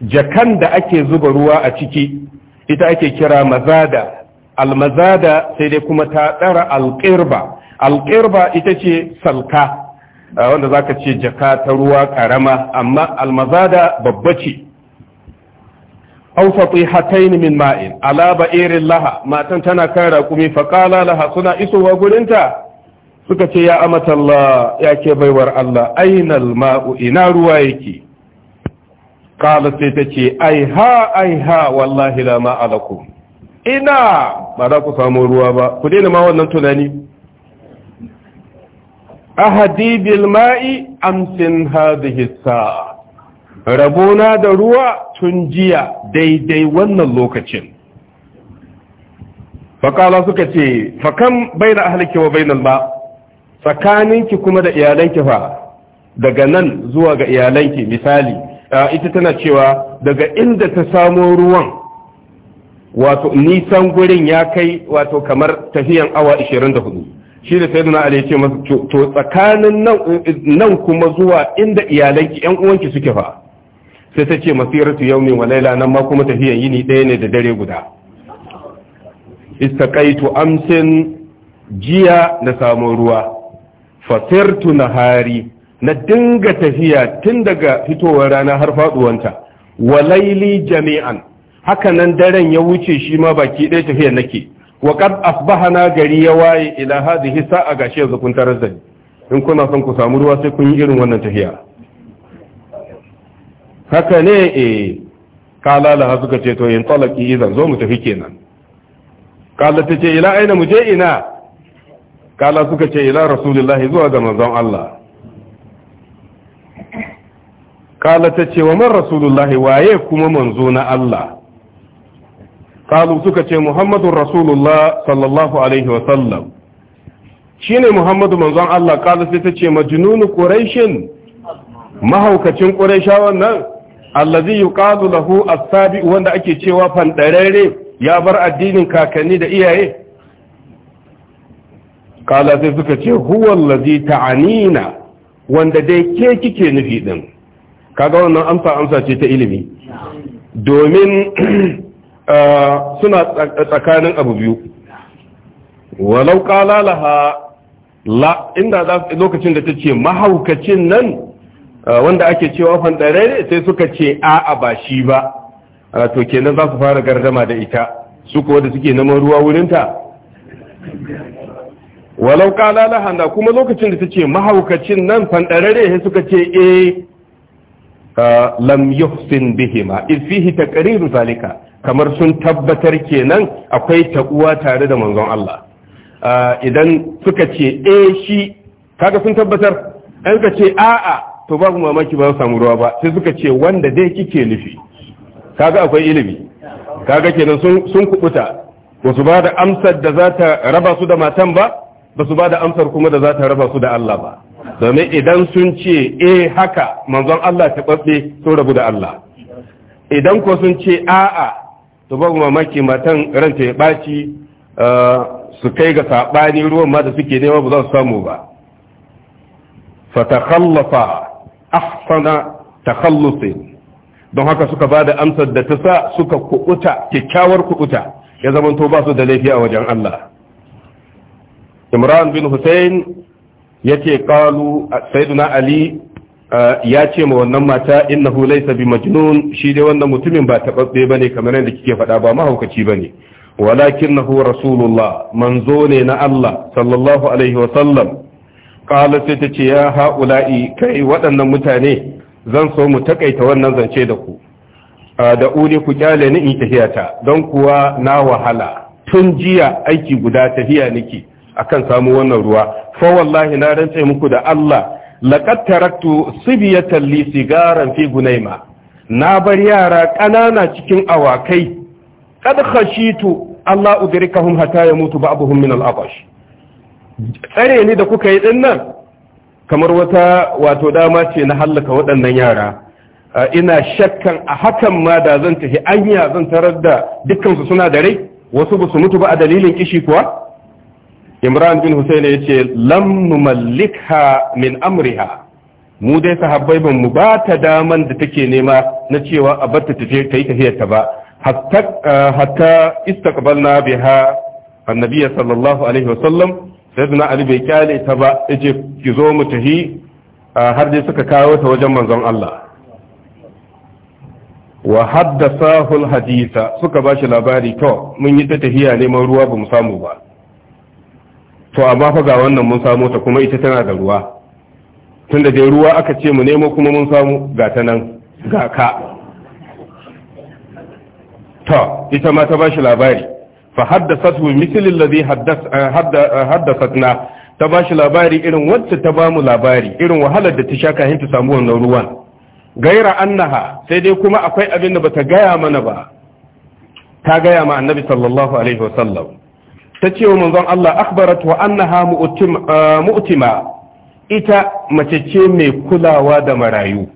jakan da ake zuba ruwa a ciki ita ake kira maza mazada almazada sai dai kuma ta dara alƙirba, alƙirba ita ce salka wanda zaka ce jaka ta ruwa karama amma da babba ce aw fatihatayn min ma'in alaba ba'irin laha matan tana kan raƙumi faqala laha suna isowa gurinta suka ce ya amatallah ya ke baiwar Allah ainal ma'u ina ruwa yake kala sai ta ce ai ha ai ha wallahi la ma'alakum ina ba za ku samu ruwa ba ku daina ma wannan tunani ahadi bil ma'i amsin hadhihi sa'a rabona da ruwa tun jiya daidai wannan lokacin kala suka ce fakan bai na ahalike wa bainan ma. tsakaninki kuma da iyalanki fa daga nan zuwa ga iyalanki misali ita tana cewa daga inda ta samo ruwan wato nisan gurin ya kai wato kamar tafiyan awa 24 shi da sayyiduna ali ya ce masa to tsakanin nan kuma zuwa inda iyalanki yan uwanki suke fa sai ta ce masiratu yaumi wa laila nan ma kuma tafiyan yini ɗaya ne da dare guda istaqaitu amsin jiya na samo ruwa fatirtu nahari na dinga tafiya tun daga fitowar rana har faduwanta wa laili jami'an haka nan daren ya wuce shi ma baki ɗaya tafiyar nake wa qad asbahana gari ya waye ila hadhihi sa'a gashi yanzu kun tarar da in kuna son ku samu ruwa sai kun yi irin wannan tafiya haka ne eh kala la suka ce to in talaki idan zo mu tafi kenan kala ta ce ila aina mu je ina kala suka ce ila rasulillahi zuwa ga manzon Allah kala ta ce wa man rasulullahi waye kuma manzo na Allah kalu suka ce muhammadun rasulullah sallallahu alaihi wa sallam shine muhammadu manzon Allah kala sai ta ce majnunu quraishin mahaukacin quraishawan nan allazi yuqalu lahu as-sabi wanda ake cewa fandarere ya bar addinin kakanni da iyaye kala sai suka ce huwan lazi ta'anina wanda dai ke kike nufi din kaga wannan amsa amsa ce ta ilimi domin uh, suna tsakanin abu biyu walau kala laha la inda za lokacin da ta ce mahaukacin nan uh, wanda ake cewa dare sai suka ce a'a ba shi ba to kenan za su fara gardama da ita su kuwa da suke neman ruwa wurinta walau kala lahana kuma lokacin da ta ce mahaukacin nan fanɗarare sai suka ce e lam yuhsin bihima iz fihi taqriru zalika kamar sun tabbatar kenan akwai taƙuwa tare da manzon Allah idan suka ce e shi kaga sun tabbatar an ka ce a'a to babu mamaki ba samu ruwa ba sai suka ce wanda dai kike nufi kaga akwai ilimi kaga kenan sun sun kubuta ba su ba da amsar da za ta raba su da matan ba ba su ba da amsar kuma da za ta raba su da Allah ba domin idan sun ce eh haka manzon Allah taɓaɓɓe sun rabu da Allah idan ko sun ce a'a to babu mamaki matan ranta ya ɓaci eh, su kai ga saɓani ruwan ma da suke nema ba za su samu ba fatakhallafa ahsana takhallusin don haka suka ba da amsar da ta sa suka kuɓuta kyakkyawar kuɓuta ya zamanto ba su da laifi a wajen Allah imran bin hussein ya ce ƙalu sayyiduna ali ya ce ma wannan mata innahu laysa bi majnun shi dai wannan mutumin ba taɓaɓɓe ba ne kamar yadda kike faɗa ba mahaukaci ba ne walakinahu rasulullah manzo ne na Allah sallallahu alaihi wa sallam kala sai ta ce ya ha'ula'i kai waɗannan mutane zan so mu takaita wannan zance da ku da uni ku kyale ni in ta, don kuwa na wahala tun jiya aiki guda tafiya nake akan samu wannan ruwa fa wallahi na rantse muku da Allah laqad taraktu sibiyatan li sigaran fi gunaima na bar yara ƙanana cikin awakai kad khashitu Allah udrikahum hatta yamutu ba'dhum min al Abash. tsare ni da kuka yi din nan kamar wata wato dama ce na hallaka waɗannan yara ina shakkan a hakan ma da zan tafi anya zan tarar da dukkansu suna da rai wasu ba su mutu ba a dalilin kishi kuwa imran bin Hussein ya ce lamnu numallikha min amriha mu dai sahabbai ban mu ba ta daman da take nema na cewa a bar ta tafi ta yi ba hatta istaqbalna biha annabi sallallahu alaihi wasallam sayyidina ali bai kyale ta ba yace ki zo mu tafi har dai suka kawo ta wajen manzon Allah wa haddathahu alhaditha suka bashi labari to mun yi ta tahiya neman ruwa ba mu samu ba to amma fa ga wannan mun samu ta kuma ita tana da ruwa tunda dai ruwa aka ce mu nemo kuma mun samu ga ta nan ga ka to ita ma ta bashi labari fa haddasatu misli alladhi eh, eh, haddathna ta bashi labari irin wacce ta bamu labari irin wahalar da ta sha kahin ta samu wannan ruwan gaira annaha sai dai kuma akwai abin da bata gaya mana ba ta gaya ma annabi sallallahu alaihi wasallam ta ce wa manzon Allah akhbarat wa annaha ah, mu'tima ita mace ce mai kulawa da marayu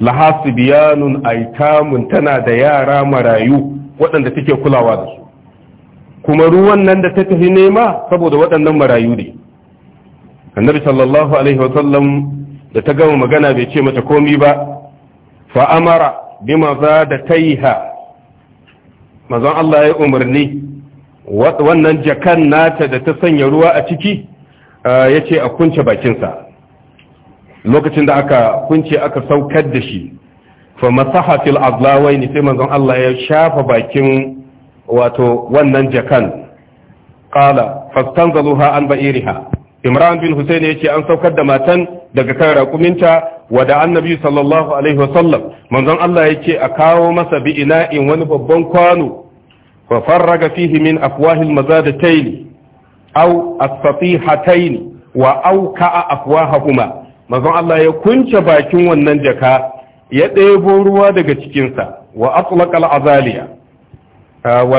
laha sibiyanun aitamun tana da yara marayu waɗanda take kulawa da su kuma ruwan nan da ta tafi nema saboda waɗannan marayu ne annabi sallallahu alaihi sallam da ta gama magana bai ce mata komi ba fa'amara bima za da taiha manzon Allah ya umarni wannan jakan nata da ta sanya ruwa a ciki uh, ya ce a kunce bakinsa lokacin da aka kunce aka saukar da shi fa masaha fil azlawai ne sai manzon Allah ya shafa bakin wato wannan jakan qala fastanzaluha an ba'iriha imran bin husayn yace an saukar da matan daga kan raƙuminta wa da annabi sallallahu alaihi wasallam manzon Allah yace a kawo masa bi ina'in wani babban kwano fa farraga fihi min afwahil mazadatayn aw as-satihatayn wa awka'a afwahahuma manzon Allah ya kunce bakin wannan jaka ya ɗebo ruwa daga cikinsa wa atlaqa al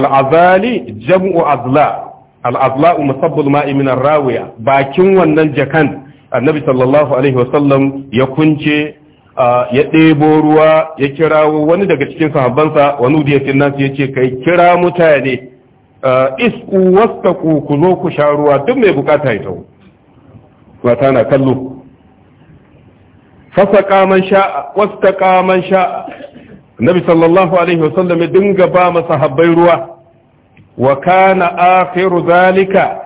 azali jam'u azla al azla musabbul bakin wannan jakan annabi sallallahu ya kunce ya ɗebo ruwa ya kirawo wani daga cikin sahabbansa wani da yake nan ya ce kai kira mutane isku wasta ku zo ku sha ruwa duk mai bukata ya tawo mata na kallo fasa kaman sha'a wasta kaman sha'a nabi sallallahu alaihi wasallam ya dinga ba masahabbai ruwa wa kana akhiru zalika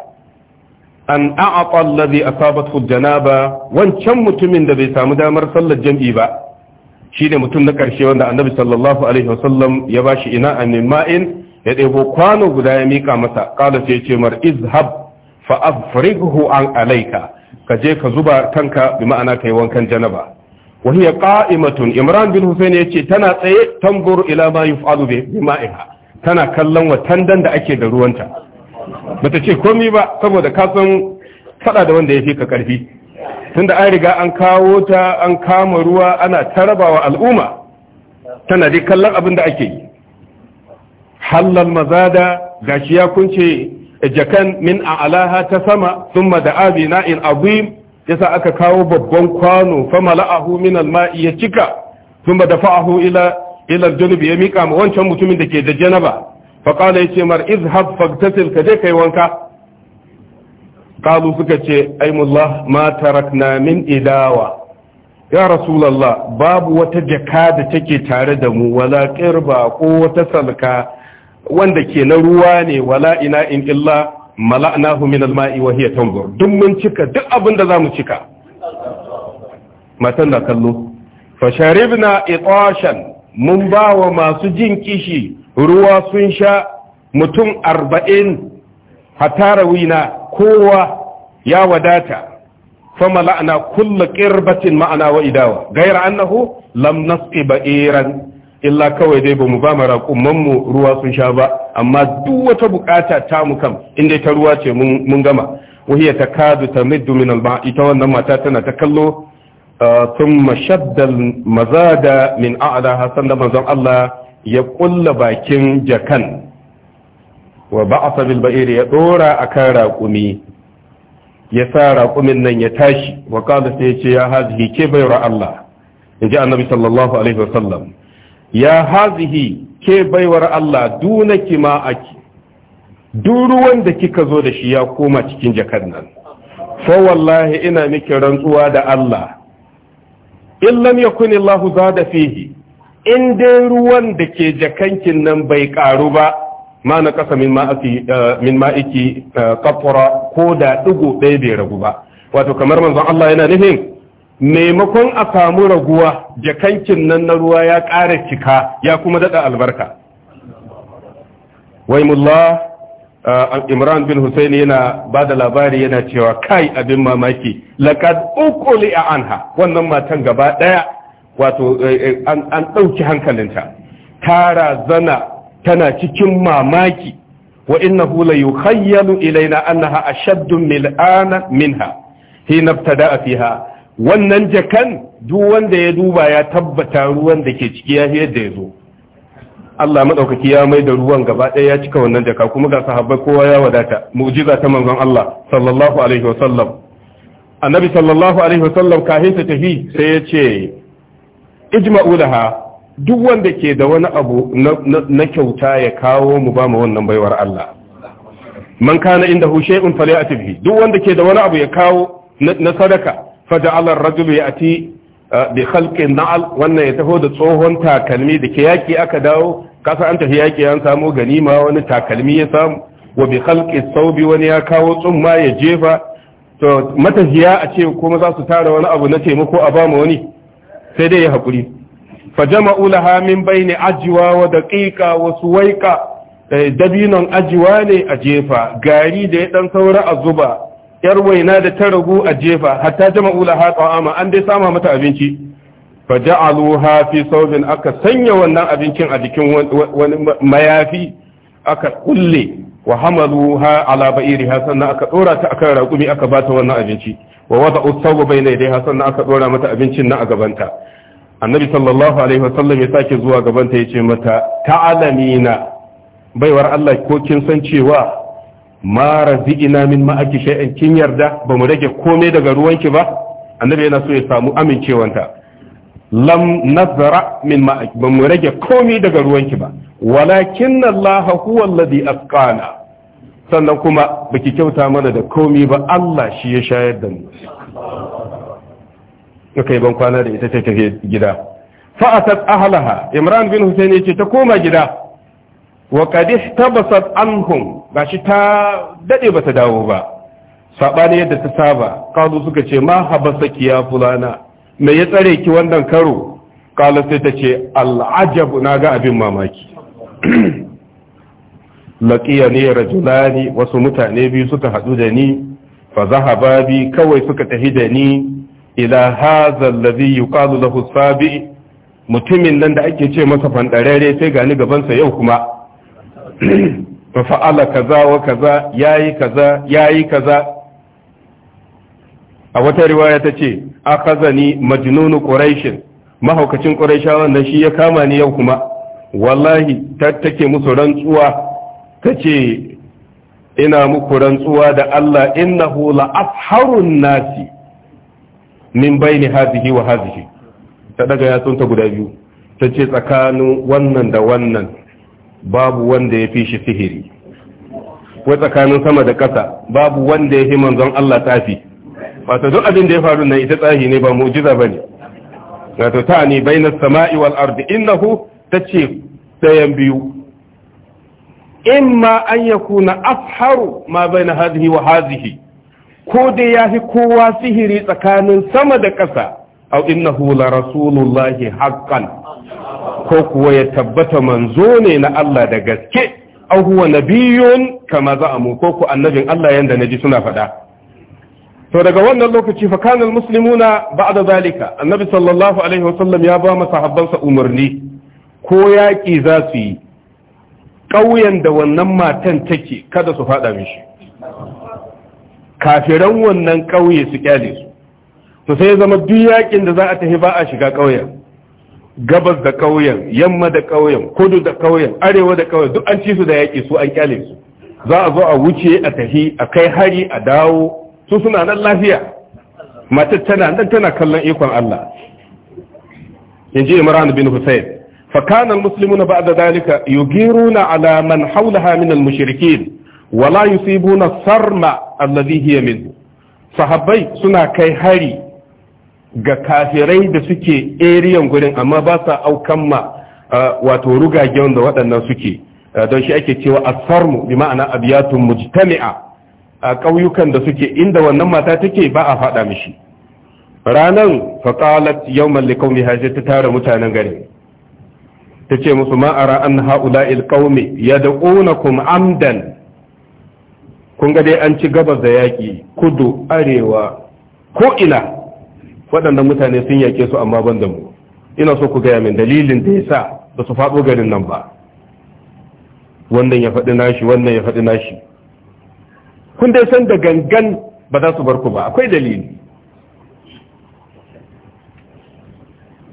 an a'ata allazi asabathu janaba wancan mutumin da bai samu damar sallar jam'i ba shine mutum na karshe wanda annabi sallallahu alaihi wasallam ya bashi ina min ma'in ya ɗebo kwano guda ya mika masa qala sai ce mar izhab fa afrighu an alayka ka je ka zuba kanka bi ma'ana kai wankan janaba wa hiya qa'imatun imran bin husayn yace tana tsaye tambur ila ma yuf'alu bi ma'iha tana kallon watan da ake da ruwanta bata ce komi ba saboda ka san fada da wanda ya fi ka karfi tunda an riga an kawo ta an kama ruwa ana tarabawa al'umma tana dai kallon abin da ake yi hallal mazada gashi ya kunce jakan min a'laha ta sama thumma da'a in na'in azim yasa aka kawo babban kwano fa mala'ahu min alma'i ya cika thumma dafa'ahu ila ila al ya mika ma wancan mutumin da ke da janaba faƙala ya ce mar izhab fagtasil ka je kai wanka ƙalu suka ce aimullah ma tarakna min idawa.' ya rasulallah babu wata jaka da take tare da mu wala ƙirba ko wata salka wanda ke na ruwa ne wala ina in illa mala'nahu min alma'i wa hiya tanzur duk mun cika duk abin da zamu cika matan da kallo fa sharibna itashan mun ba wa masu jin kishi ruwa sun sha mutum arba'in hatarawina kowa ya wadata fama la'ana kulla kirbatin ma'ana wa idawa gaira annahu lam nasqi ba'iran illa kawai dai bamu ba mu ruwa sun sha ba amma duk wata bukata ta mu kam inda ta ruwa ce mun gama wahiya takadu tamiddu min alma ita wannan mata tana ta kallo uh, thumma shadda mazada min a'la hasan da manzon Allah ya kulla bakin jakan wa ba'asa bil ba'iri ya dora akan raƙumi ya sa raƙumin nan ya tashi wa qala sai yace ce ya hazihi ke bayra Allah inji annabi sallallahu alaihi wasallam ya hazihi ke baiwar Allah duna a duk ruwan da kika zo da shi ya koma cikin jakan nan fa wallahi ina miki rantsuwa da Allah in lam yakun Allah zada fihi in dai ruwan da ke jakankin nan bai karu ba ma na kasa min ma'aiki eh, eh, kafura ko da ɗigo ɗaya bai ragu ba wato kamar manzon Allah yana nufin maimakon a samu raguwa jakankin nan na ruwa ya ƙara cika ya kuma daɗa albarka waimullah eh, imran bin hussein yana ba da labari yana cewa kai abin mamaki laqad uquli a anha wannan matan gaba ɗaya wato eh, eh, an ɗauki hankalinta tara zana tana cikin mamaki wa hula la yukhayyalu ilaina annaha ashaddu mil'ana minha hina da fiha wannan jakan duk wanda ya duba ya tabbata ruwan da ke ciki ya yadda ya zo Allah madaukaki ya mai da ruwan gaba ɗaya ya cika wannan jaka kuma ga sahabbai kowa ya wadata mu'jiza ta manzon Allah sallallahu alaihi wasallam annabi sallallahu alaihi wasallam kahin ta tafi sai ya ce ijma'u laha duk wanda ke da wani abu na kyauta ya kawo mu ba mu wannan baiwar Allah man kana inda hu shay'un falyati bihi duk wanda ke da wani abu ya kawo na sadaka faja'ala ar-rajulu ya'ti uh, bi khalqin na'al wannan ya taho da tsohon takalmi da ke yaki aka dawo kasa an tafi yaki an samu ganima wani takalmi ya samu wa bi khalqi thawbi wani ya kawo tsumma ya jefa to matafiya a ce kuma za su tara wani abu na taimako a ba mu wani sai dai ya haƙuri fajama'u laha min bayni ajiwa wa daqiqa wa suwaika eh, dabinon ajwa ne a jefa gari da ya dan saura a zuba yar waina da ta ragu a jefa hatta jama'u laha ta'ama an dai sama mata abinci faja'aluha fi sawbin aka sanya wannan abincin a jikin wani mayafi aka kulle wa hamaluha ala ba'iriha sannan aka dora ta akan raƙumi aka bata wannan abinci wa wada usawu bai ne dai hasan aka dora mata abincin na a gabanta annabi sallallahu alaihi wa sallam ya sake zuwa gabanta ya ce mata ta'alamina baiwar Allah ko kin san cewa ma razi'ina min ma'aki shay'an kin yarda ba mu rage komai daga ruwanki ba annabi yana so ya samu amincewanta lam nazara min ma'aki ba mu rage komai daga ruwanki ba walakin Allah huwa alladhi asqana sannan kuma baki kyauta mana da komi ba Allah shi ya shayar da mu aka yi ban kwana da ita ce ta gida fa'atat ahlaha imran bin husayn yace ta koma gida wa qad ihtabasat anhum shi ta dade ta dawo ba sabani yadda ta saba kalu suka ce ma habasaki ya fulana me ya tsare ki wannan karo kala sai ta ce al'ajab na ga abin mamaki laqiya ni rajulani wasu mutane biyu suka hadu da ni fa zahaba bi kawai suka tafi da ni ila hadha alladhi yuqalu lahu sabi mutumin nan da ake ce masa fandarere sai gani gaban sa yau kuma fa fa'ala kaza wa kaza yayi kaza yayi kaza a wata riwaya ta ce akhazani majnunu quraish mahaukacin quraishawan nan shi ya kama ni yau kuma wallahi tattake musu rantsuwa Ta ce ina muku rantsuwa da Allah innahu la afharun nasi min baini hadhihi wa hadhihi ta daga ta guda biyu Ta ce tsakanin wannan da wannan babu wanda ya fi shi sihiri Wai tsakanin sama da ƙasa babu wanda ya fi manzon Allah tafi wato duk abin da ya faru nan ita tsahi ne ba mu'jiza bane wato ta ne bainas sama'i wal ardi innahu ce sayan biyu imma an yakuna afharu ma baina hadhihi wa hadhihi ko dai yafi kowa sihiri tsakanin sama da ƙasa aw innahu la rasulullahi haqqan ko kuwa ya tabbata manzo ne na Allah da gaske aw huwa nabiyyun kama za'amu ko ku annabin Allah yanda naji suna faɗa to daga wannan lokaci fa kana almuslimuna ba'da zalika annabi sallallahu alaihi wasallam ya ba masahabbansa umarni ko yaki za su yi ƙauyen da wannan matan take kada su faɗa mishi kafiran wannan ƙauye su ƙyale su to sai zama duk yakin da za a tafi ba a shiga ƙauyen gabas da ƙauyen yamma da ƙauyen kudu da ƙauyen arewa da ƙauyen duk an ci su da yaƙi su an ƙyale su za a zo a wuce a tafi a kai hari a dawo su suna nan lafiya matar tana nan tana kallon ikon Allah in ji Imran bin Hussein فكان المسلمون بعد ذلك يجيرون على من حولها من المشركين ولا يصيبون الصرم الذي هي منه sahabbai suna kai hari ga kafirai da suke eriyan gurin amma ba sa aukan ma wato rugagen da waɗannan suke don shi ake cewa asarmu bi ma'ana abiyatun mujtami'a a ƙauyukan da suke inda wannan mata take ba a faɗa mishi ranan faqalat yawman liqawmi hajjat ta tara mutanen garin tace musu ma ara an haula'il qaumi yad'unakum amdan kun ga dai an ci gabas da yaki kudu arewa ko ina waɗannan mutane sun yake su amma ban da mu ina so ku gaya min dalilin da yasa ba su faɗo garin nan ba wannan ya faɗi nashi wannan ya faɗi nashi kun dai san da gangan ba za su bar ku ba akwai dalili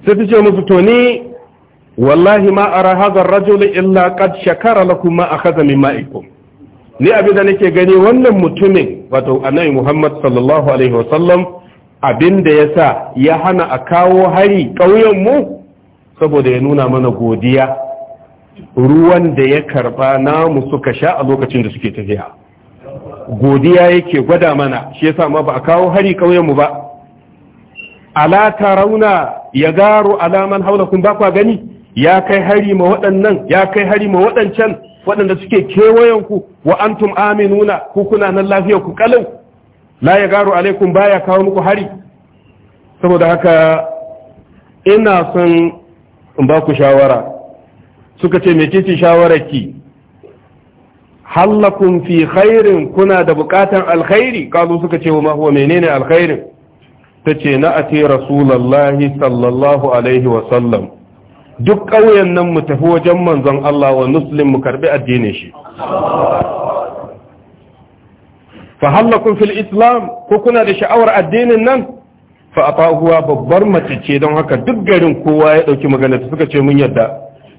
sai ta ce musu to ni wallahi ma ara hadha ar illa qad shakara lakum ma akhadha min ma'ikum ni abin nake gani wannan mutumin wato annabi Muhammad sallallahu alaihi wasallam abin da yasa ya hana a kawo hari ƙauyen mu saboda ya nuna mana godiya ruwan da ya karba namu suka sha a lokacin da suke tafiya godiya yake gwada mana shi yasa ma ba a kawo hari ƙauyen mu ba ala tarauna ya garu alaman haulakun ba kwa gani ya kai hari ma waɗannan ya kai hari ma waɗancan waɗanda suke kewayen ku wa antum aminuna ku kuna nan lafiyar ku kalau la ya garu alaikum baya kawo muku hari saboda haka ina son in ba ku shawara suka ce me kici shawararki hallakun fi khairin kuna da bukatan alkhairi kazo suka ce ma huwa menene alkhairin tace na ati rasulullahi sallallahu alaihi wa sallam duk ƙauyen nan mu tafi wajen manzon Allah wa muslim mu karbi addinin shi fa hallakun fil islam ko kuna da sha'awar addinin nan fa atahuwa babbar mace ce don haka duk garin kowa ya dauki magana ta suka ce mun yadda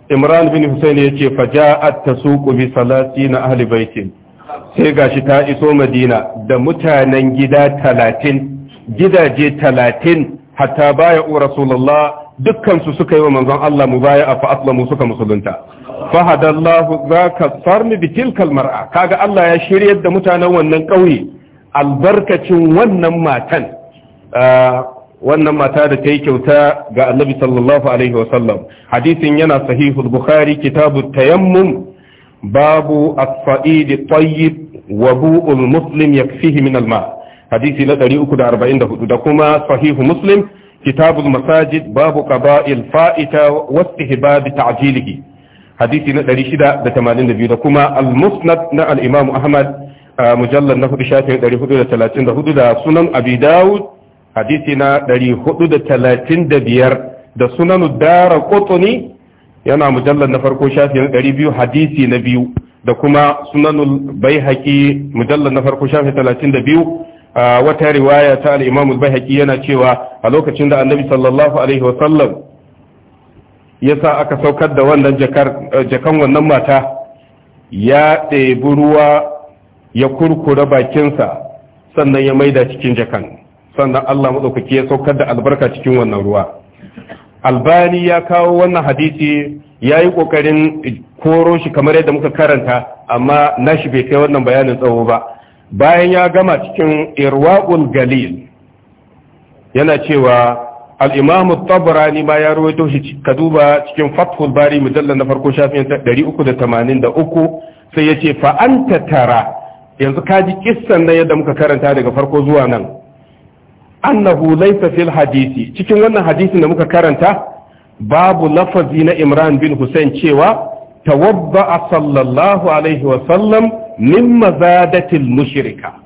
imran bin husayn ya ce fa ja'at tasuqu bi salatin ahli baitin sai gashi ta iso madina da mutanen gida talatin gidaje talatin hatta baya rasulullah dukkansu suka yi wa manzon Allah mu baya a fa'aslamu suka musulunta fahadallahu za ka sarni bi tilkal mar'a kaga Allah ya shiryar da mutanen wannan ƙauye albarkacin wannan matan wannan mata da ta yi kyauta ga annabi sallallahu alaihi wasallam hadisin yana sahihul bukhari kitabu tayammum babu as-sa'id tayyib wa bu'ul muslim yakfihi min al-ma hadisi na 344 da kuma sahihu muslim كتاب المساجد باب قضاء الفائتة واستهباب تعجيله حديث ندري شدا بتمانين دبيو كما المسند نا الإمام أحمد مجلد نهو بشاتين داري حدود تلاتين دهود دا سنن أبي داود حديثنا داري حدود تلاتين دبير دا سنن الدار قطني yana mujallar na farko shafi na ɗari biyu hadisi na biyu da kuma sunanul bai haƙi mujallar na farko shafi talatin da biyu wata riwaya ta al-Imam yana cewa a lokacin da Annabi sallallahu alaihi wasallam ya sa aka saukar da wannan eh, jakan wannan mata ya ɗebi ruwa ya kurkura bakinsa sannan ya maida cikin jakan sannan Allah maɗaukaki ya saukar da albarka cikin wannan ruwa albani ya kawo wannan hadisi ya yi ƙoƙarin koro shi kamar yadda muka karanta amma nashi bai kai wannan bayanin tsawo ba bayan ya gama cikin irwa'ul galil yana cewa al'imamu tabarani ma ya ruwaito shi ka duba cikin fathul bari mujalla na farko shafin 383 sai ya ce fa'anta tara yanzu kaji kissan na yadda muka karanta daga farko zuwa nan annahu laysa fil hadisi cikin wannan hadisin da muka karanta babu lafazi na imran bin hussein cewa tawabba'a sallallahu alaihi wa sallam min mazadatil mushrika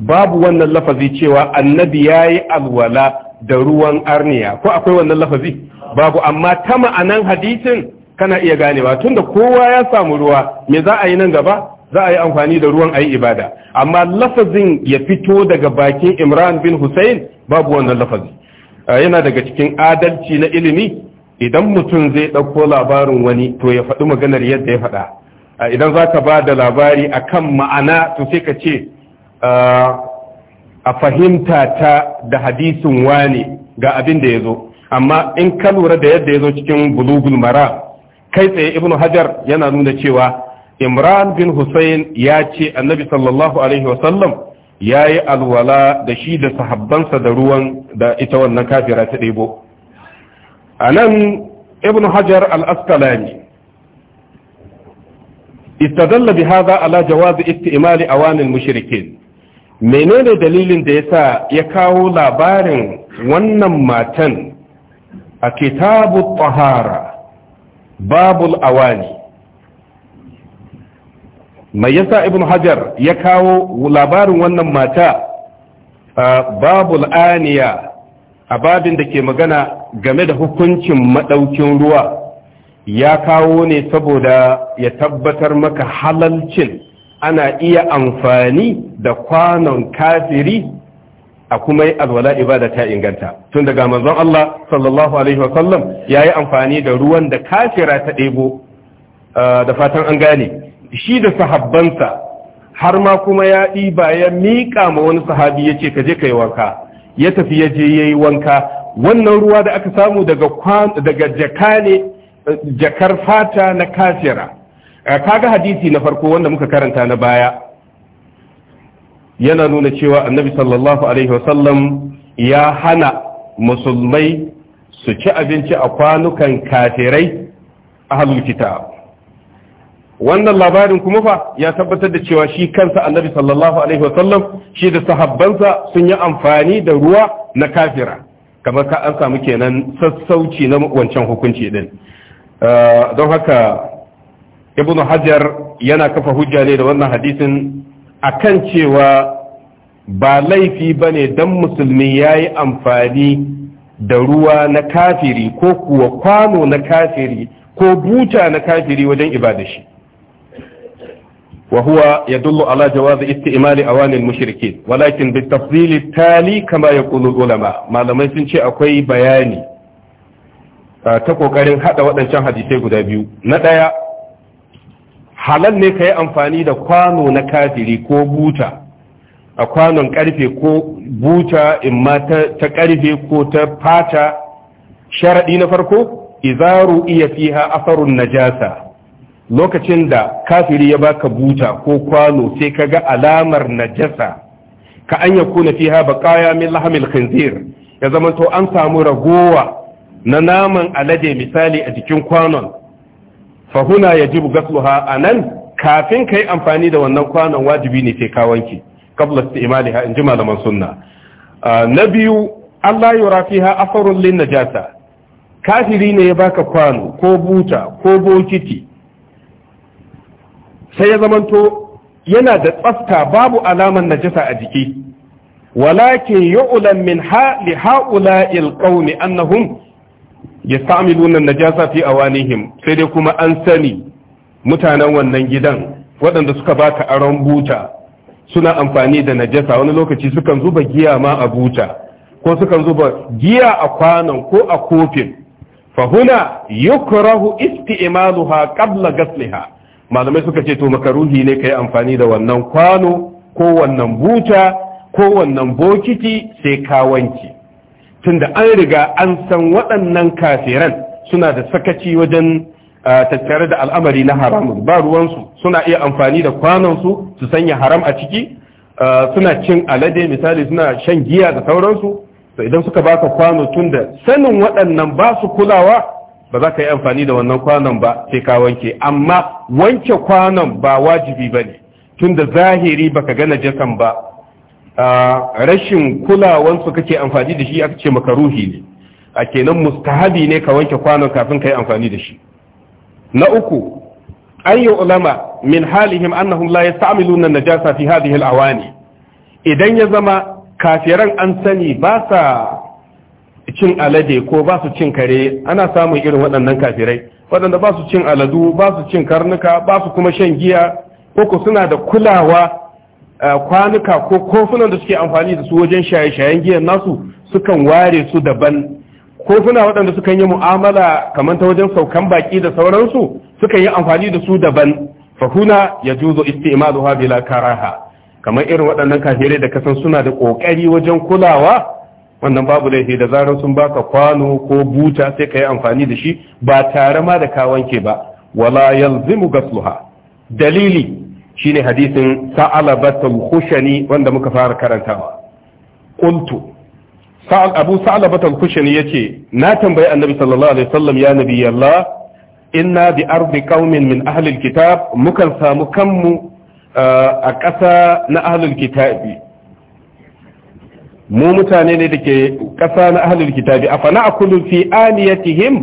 babu wannan lafazi cewa annabi yayi alwala da ruwan arniya ko akwai wannan lafazi babu amma ta ma'anan hadisin kana iya ganewa tunda kowa ya samu ruwa me za a yi nan gaba za a yi amfani da ruwan a yi ibada amma lafazin ya fito daga bakin imran bin hussein babu wannan lafazi yana daga cikin adalci na ilimi idan mutum zai ɗauko labarin wani to ya faɗi maganar yadda ya faɗa idan za ka ba da labari a kan ma'ana to sai ka ce a fahimta ta da hadisin wane ga abin da ya zo amma in ka lura da yadda ya zo cikin bulugul mara kai tsaye ibnu hajar yana nuna cewa imran bin hussein ya ce annabi sallallahu alaihi wasallam ya yi alwala da shi da sahabbansa da ruwan da ita wannan kafira ta ɗebo a nan ibn hajar al-asqalani istadalla bi hadha ala jawazi istimali awanil mushrikin menene dalilin da yasa ya kawo labarin wannan matan a kitabu tahara babul awani mai yasa ibn hajar ya kawo labarin wannan mata a babul aniya a babin da ke magana game da hukuncin maɗaukin ruwa ya kawo ne saboda ya tabbatar maka halalcin ana iya amfani da kwanon kafiri a kuma yi alwala ibada ta inganta tun daga manzon Allah sallallahu alaihi wasallam ya yi amfani da ruwan da kafira ta ɗebo da fatan an gane shi da sahabbansa har ma kuma ya ɗiba ya miƙa ma wani sahabi ya ce ka je ka yi wanka ya tafi ya je ya yi wanka wannan ruwa da aka samu daga jaka ne jakar fata na kafira eh, kaga hadisi na farko wanda muka karanta na baya yana nuna cewa annabi sallallahu alaihi wasallam ya hana musulmai su ci abinci a kwanukan kafirai a halittar wannan labarin kuma fa ya tabbatar da cewa shi kansa annabi sallallahu alaihi wasallam shi da sahabbansa sun yi amfani da ruwa na kafira kamar ka an samu kenan sassauci na wancan hukunci din uh, don haka ibnu hajar yana kafa hujja ne da wannan hadisin akan cewa ba laifi bane dan musulmi yayi amfani da ruwa na kafiri ko kuwa kwano na kafiri ko buta na kafiri wajen ibada shi وهو يدل على جواز استعمال أواني المشركين ولكن بالتفضيل التالي كما يقول العلماء ما لم يسنش أكوي بياني تقو قرن حتى وقت شان حديثي قد أبيو ندايا halal ne ka yi amfani da kwano na kafiri ko buta a kwanon karfe ko buta imma ta karfe ko ta fata sharaɗi na farko izaru iya fiha asarun najasa lokacin da kafiri ya baka buta ko kwano sai ka ga alamar najasa ka an ya kuna fiha baqaya min lahamil khinzir ya zama to an samu ragowa na naman alade misali a jikin kwanon fahuna fa huna yajibu a nan, kafin ka yi amfani da wannan kwanon wajibi ne sai ka wanke imali ha in ji malaman sunna ah, na biyu Allah yura fiha asarun lin najasa kafiri ne ya baka kwano ko buta ko bokiti sai ya zamanto yana da tsafta babu alaman najasa a jiki walakin yu'lam min ha li ha'ula'il qawmi annahum yasta'miluna najasa fi awanihim sai dai kuma an sani mutanen wannan gidan waɗanda suka baka aron buta suna amfani da najasa wani lokaci sukan zuba giya ma a buta ko sukan zuba giya a kwanon ko a kofin fahuna yukrahu isti'maluha qabla ghasliha malamai suka ce to makaruhi ne kai amfani da wannan kwano ko wannan buta ko wannan bokiti sai ka wanke tunda an riga an san waɗannan kafiran suna da sakaci wajen tattare da al'amari na haramun ba ruwansu suna iya amfani da kwanonsu su sanya haram a ciki suna cin alade misali suna shan giya da sauransu to idan suka baka kwano tunda sanin waɗannan ba su kulawa ba za ka yi amfani da wannan kwanon ba sai ka wanke amma wanke kwanon ba wajibi ba ne tun da zahiri ka gana najasan ba rashin kulawansu kake amfani da shi aka ce maka ruhi ne a kenan mustahabi ne ka wanke kwanon kafin ka yi amfani da shi na uku an yi ulama min halihim annahum la an najasa fi hadhihi al-awani idan ya zama kafiran an sani ba sa cin alade ko ba su cin kare ana samun irin waɗannan kafirai waɗanda ba su cin aladu ba su cin karnuka ba su kuma shan giya ko suna da kulawa eh, kwanuka ko kofunan da suke amfani da su wajen shaye-shayen giyan nasu sukan ware su daban kofuna waɗanda sukan yi mu'amala kamar ta wajen saukan baki da sauransu sukan yi amfani da su daban fahuna ya juzo isti'malu bila karaha kamar irin waɗannan kafirai da kasan suna da ƙoƙari wajen kulawa wannan babu laifi da zarar sun baka kwano ko buta sai ka yi amfani da shi ba tare ma da ka wanke ba wala yalzimu gasluha dalili shine hadisin batul khushani wanda muka fara karantawa qultu sa'al abu batul khushani yace na tambayi annabi sallallahu alaihi wasallam ya nabi Allah inna bi ardi qaumin min ahli alkitab mukan samu kanmu eh, a ƙasa na ahlul kitabi mu mutane ne da ke ƙasa na ahalul kitabi a fana a kudu fi aniyatihim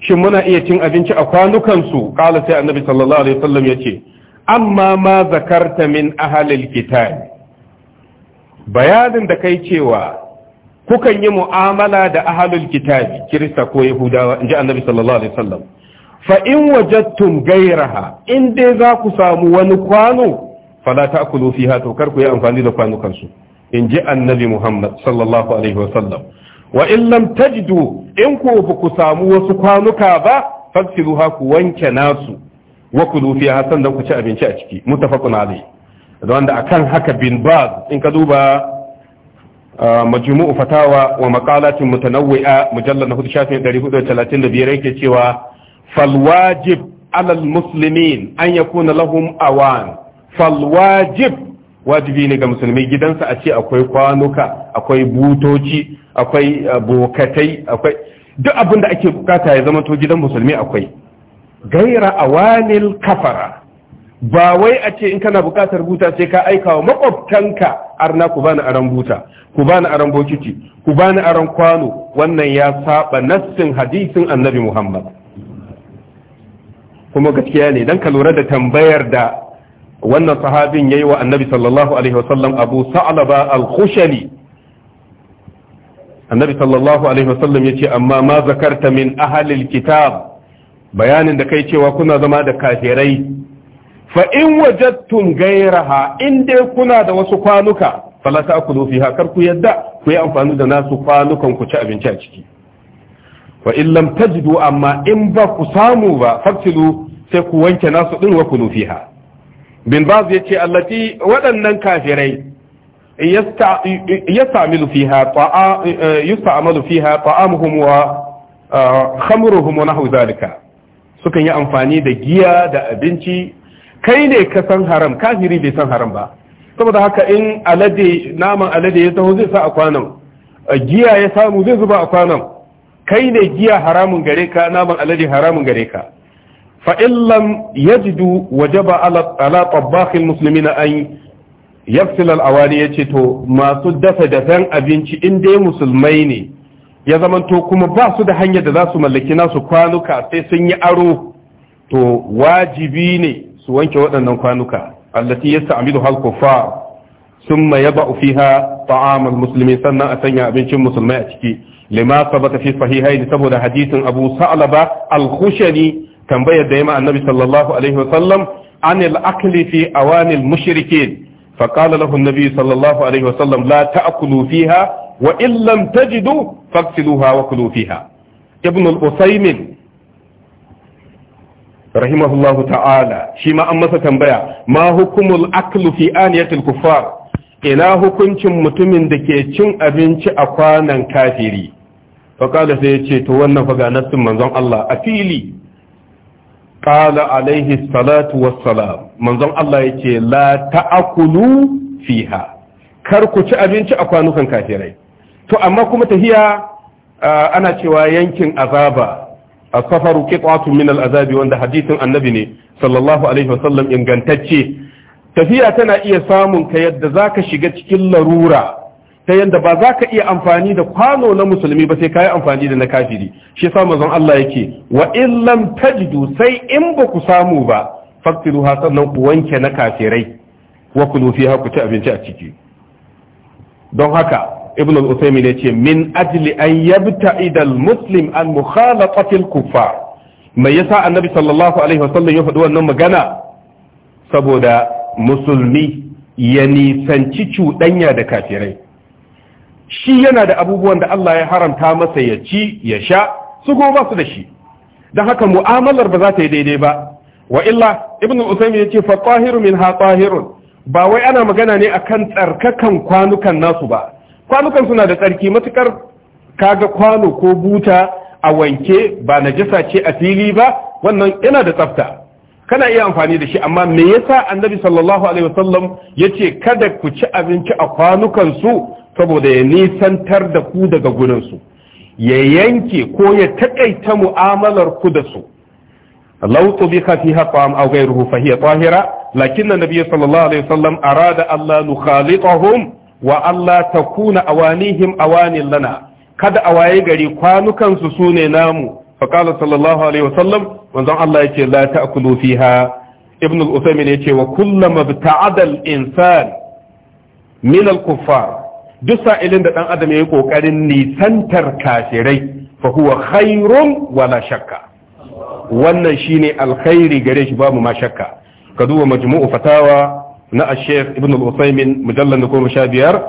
shin muna iya cin abinci a kwanukansu ƙala sai annabi sallallahu alaihi wasallam ya ce amma ma zakarta min ahalul kitabi bayanin da kai cewa kukan yi mu'amala da ahalul kitabi kirista ko yahudawa inji annabi sallallahu alaihi wasallam fa in wajattum gairaha in dai za ku samu wani kwano fala ta'kulu fiha to kar ku yi amfani da kwanukansu in ji annabi Muhammad sallallahu alaihi wasallam wa in lam tajidu in ku ba ku samu wasu kwanuka ba ha ku wanke nasu wa kulu fiha sannan ku ci abinci a ciki muttafaqun alaihi da wanda akan haka bin baz in ka duba majmu'u fatawa wa maqalatin mutanawwi'a mujallad na 435 yake cewa falwajib alal muslimin an yakuna lahum awan falwajib wajibi ne ga musulmi gidansa a ce akwai kwanuka akwai butoci akwai uh, bokatai akwai duk abin da ake bukata ya zama to gidan musulmi akwai gaira awanil kafara ba wai a ce in kana bukatar buta sai ka aika wa makwabtanka arna ku bani aran buta ku bani aran bokiti ku bani aran kwano wannan ya saba nassin hadisin annabi muhammad kuma gaskiya ne dan ka lura da tambayar da wannan sahabin ya yi wa annabi sallallahu alaihi wasallam abu sa'laba al-khushani annabi sallallahu alaihi wasallam yace amma ma zakarta min ahlil kitab bayanin da kai cewa kuna zama da kafirai fa in wajadtum gairaha in dai kuna da wasu kwanuka fala ta'kulu fiha kar ku yadda ku yi amfani da nasu kwanukan ku ci abinci a ciki wa in lam tajidu amma in ba ku samu ba fatilu sai ku wanke nasu din wa kulu fiha bin baz ya ce allati waɗannan kafirai yasta'malu fiha ta'a yasta'malu fiha ta'amuhum wa khamruhum zalika sukan yi amfani da giya da abinci kai ne ka san haram kafiri bai san haram ba saboda haka in alade naman alade ya taho zai sa a kwanan giya ya samu zai zuba a kwanan kai ne giya haramun gare ka naman alade haramun gare ka fa'illan illam yajidu wajaba ala ala tabbakhin muslimina an ya al-awani yace to masu dafa dafan abinci in dai musulmai ne ya zamanto kuma ba su da hanyar da za su mallaki nasu kwanuka sai sun yi aro to wajibi ne su wanke waɗannan kwanuka allati yasta'midu hal kuffar thumma yaba'u fiha ta'am al sannan a sanya abincin musulmai a ciki lima sabata fi sahihain saboda hadisin Abu Sa'laba al-Khushani tambayar da ya ma annabi sallallahu alaihi wasallam anil akli fi awanil mushrikin fa qala lahu Nabi sallallahu alaihi wasallam la ta'kulu fiha wa in lam tajidu faghsiluha wa kulu fiha ibn al-usaymin rahimahullahu ta'ala shi ma an masa tambaya ma hukumul aklu fi aniyatil kuffar ina hukuncin mutumin da ke cin abinci a kwanan kafiri fa sai ya ce to wannan fa ga nassin manzon Allah a fili qala alaihi salatu wassalam manzon Allah yake la ta'kulu fiha kar ku ci abinci a kwanukan kafirai to amma kuma tafiya ana cewa yankin azaba as-safaru qit'atun min al-azabi wanda hadisin annabi ne sallallahu alaihi wasallam ingantacce tafiya tana iya samun ka yadda za ka shiga cikin larura ta yanda ba za ka iya amfani da kwano na musulmi ba sai ka yi amfani da na kafiri shi sa manzon Allah yake wa in lam tajidu sai in ba ku samu ba faktiru ha sannan ku wanke na kafirai wa kulu ha ku ci abinci a ciki don haka ibn al-usaymin ya ce min ajli an yabta'ida al-muslim an mukhalatatil kuffar mai yasa annabi sallallahu alaihi wasallam ya faɗi wannan magana saboda musulmi ya nisanci cuɗanya da kafirai shi yana da abubuwan da Allah ya haramta masa ya ci ya sha su kuma ba su da shi don haka mu'amalar ba za ta yi daidai ba wa illa ibn ya ce fa tahiru ha tahirun ba wai ana magana ne akan tsarkakan kwanukan nasu ba kwanukan suna da tsarki matukar kaga kwano ko buta a wanke ba najasa ce a fili ba wannan yana da tsafta kana iya amfani da shi amma me yasa annabi sallallahu alaihi wasallam yace kada ku ci abinci a kwanukan su saboda ya nisantar da ku daga gurinsu ya yanke ko ya taƙaita mu'amalar ku da su law tubika fiha ta'am aw ghayruhu fa hiya tahira lakin an-nabiy sallallahu alaihi wasallam arada alla nukhalitahum wa allah takuna awanihim awanin lana kada a waye gari kwanukan su sune namu fa qala sallallahu alaihi wasallam manzon Allah yace la ta'kulu fiha ibn al-usaymin yace wa kullama bta'ada al-insan min al-kuffar duk sa'ilin da dan adam yayi kokarin nisantar kafirai fa huwa khairun wala shakka wannan shine alkhairi gare shi babu ma shakka ka duba majmu'u fatawa na al-sheikh ibn al-usaymin mujallal na goma sha biyar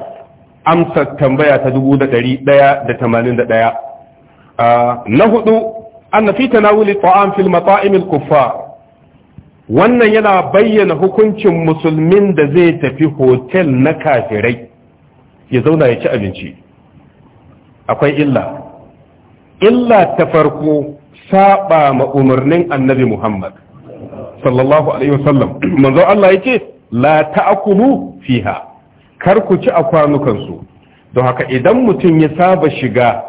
amsa tambaya ta dubu da ɗari ɗaya da tamanin da ɗaya ah, na hudu anna fi tanawuli ta'am fil mata'im al-kuffar wannan yana bayyana hukuncin musulmin da zai tafi hotel na kafirai ya zauna ya ci abinci akwai illa illa ta farko saba ma umarnin annabi muhammad sallallahu alaihi wasallam manzo Allah yake la ta'kulu fiha kar ku ci a kwanukansu don haka idan mutum ya saba shiga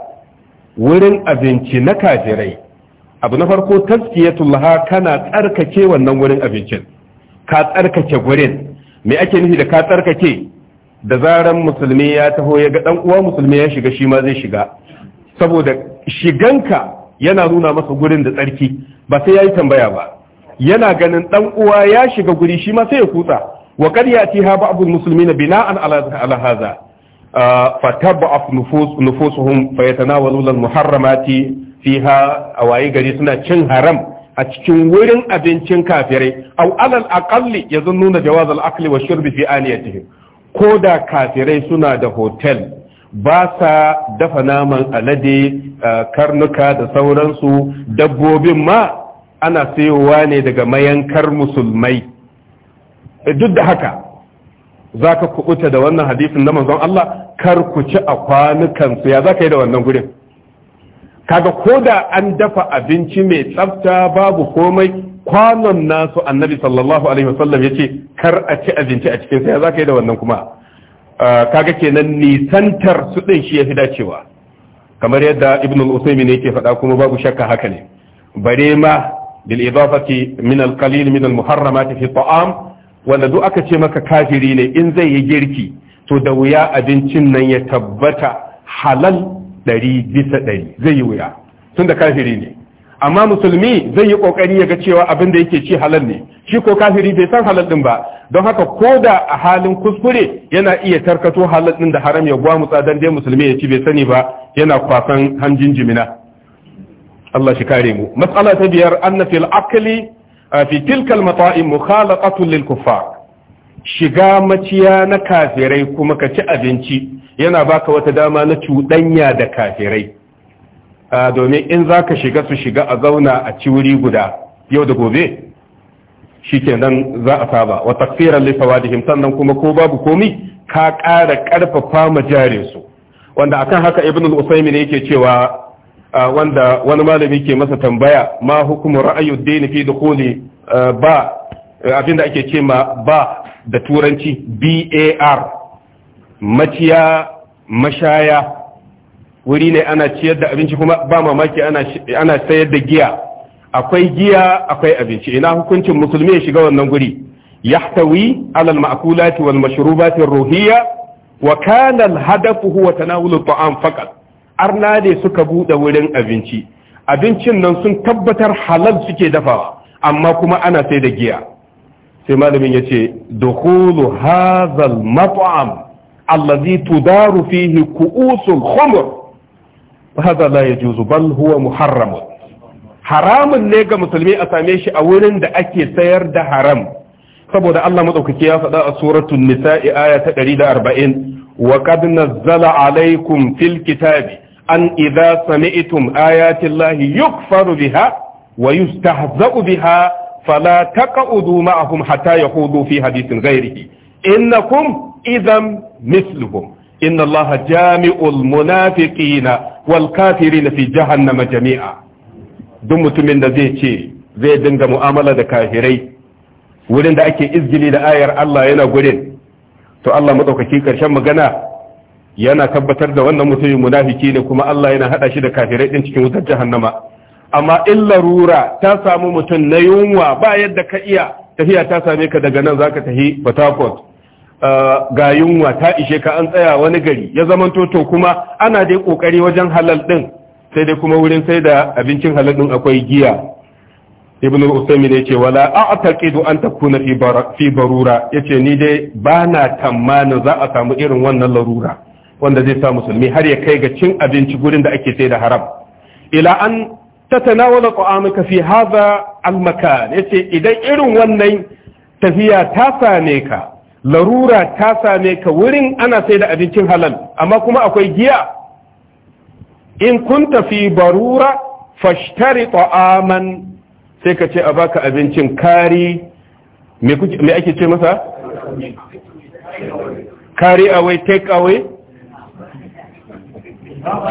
wurin abinci na kafirai abu na farko laha kana tsarkake wannan wurin abincin ka tsarkake gurin me ake nufi da ka tsarkake da zaran musulmi ya taho ya ga dan uwa musulmi ya shiga shi ma zai shiga saboda shiganka yana nuna masa gurin da tsarki ba sai yi tambaya ba yana ganin dan uwa ya shiga guri shi ma sai ya kutsa wa qad yatiha ba'd al-muslimina bina'an ala ala hadha ah, fatab'a nufus nufusuhum fayatanawaluna al-muharramati fiha awayi gari suna cin haram a cikin wurin abincin kafirai Au alal aqalli nuna jawaz al-akli wa shurbi fi aniyatihim ko da kafirai suna da hotel ba sa dafa naman alade eh, karnuka da sauransu dabbobin ma ana sayowa ne daga mayankar musulmai eh, duk da haka za ka kubuta da wannan hadisin na manzon Allah kar ku ci a kwanukansu ya za ka yi da wannan gurin kaga koda an dafa abinci mai tsafta babu komai kwanon nasu annabi sallallahu alaihi wasallam ya kar a ci abinci a cikin sa za ka yi da wannan kuma uh, kaga kenan nisantar su ɗin shi ya fi dacewa kamar yadda ibnu al ne yake faɗa kuma babu shakka haka ne bare ma bil idafati min al-qalil min al muharramat fi ta'am wanda duk aka ce maka kafiri ne in zai yi girki to da wuya abincin nan ya tabbata halal ɗari bisa ɗari zai yi wuya tun da kafiri ne amma musulmi zai yi kokari ya ga cewa abin da yake ci halal ne shi ko kafiri bai san halal din ba don haka ko da a halin kuskure yana iya tarkato halal din da haram ya gwamutsa dan dai musulmi ya ci bai sani ba yana kwasan hanjin jimina Allah shi kare mu mas'ala ta biyar anna fil akli fi tilka al mata'im mukhalaqatu lil kuffar shiga maciya na kafirai kuma ka ci abinci yana baka wata dama na cuɗanya da kafirai Ah, domin in za ka shiga su shiga a zauna a ci wuri guda yau da gobe shi nan za a saba wa da da sannan kuma ko babu komi ka ƙara ƙarfafa ma jarinsu wanda akan haka ibn al-usaymin yake cewa ah, wanda wani malami ke masa tambaya ma hukumu ra'ayuddin fi dukhuli ah, ba abinda ake ce ma ba da turanci bar maciya mashaya wuri ne ana ciyar da abinci kuma ba mamaki ana sayar da giya akwai giya akwai abinci ina hukuncin musulmi ya shiga wannan guri yahtawi alal ma'kulati wal mashrubati ruhiyya wa kana al hadafu huwa tanawul ta'am faqat arna ne suka bude wurin abinci abincin nan sun tabbatar halal suke dafawa amma kuma ana sai da giya sai malamin yace dukhulu hadha al mat'am allazi tudaru fihi ku'usul khumr hada la yajuzu bal huwa muharram haramun ne ga musulmi a same shi a wurin da ake sayar da haram saboda Allah madaukaki ya faɗa a suratul nisa'i aya ta 140 wa qad nazzala alaykum fil kitabi an idza sami'tum ayati llahi yukfaru biha wa yustahza'u biha fala taq'udu ma'ahum hatta yahudu fi hadithin ghairihi innakum idan misluhum inna allaha jami'ul munafiqina wal kafirina fi jahannama jami'a duk mutumin da zai ce zai dinga mu'amala da kafirai wurin da ake izgili da ayar Allah yana gurin to Allah madaukaki karshen magana yana tabbatar da wannan mutumin munafiki ne kuma Allah yana hada shi da kafirai din cikin wutar jahannama amma in larura ta samu mutum na yunwa ba yadda ka iya tafiya ta same ka daga nan zaka tafi Port ga yunwa ta ishe ka an tsaya wani gari ya zamanto toto kuma ana dai kokari wajen halal din sai dai kuma wurin sai da abincin halal din akwai giya ibn ne ce wala a'taqidu an takuna fi fi barura yace ni dai ba bana tammanin za a samu irin wannan larura wanda zai sa musulmi har ya kai ga cin abinci gurin da ake sai da haram ila an tatanawala ta'amaka fi hadha al makan yace idan irin wannan tafiya ta same ka larura ta same ka wurin ana sai da abincin halal amma kuma akwai giya in kunta fi barura fashtari ta'aman sai ka ce a baka abincin kari me ake ce masa kari away take away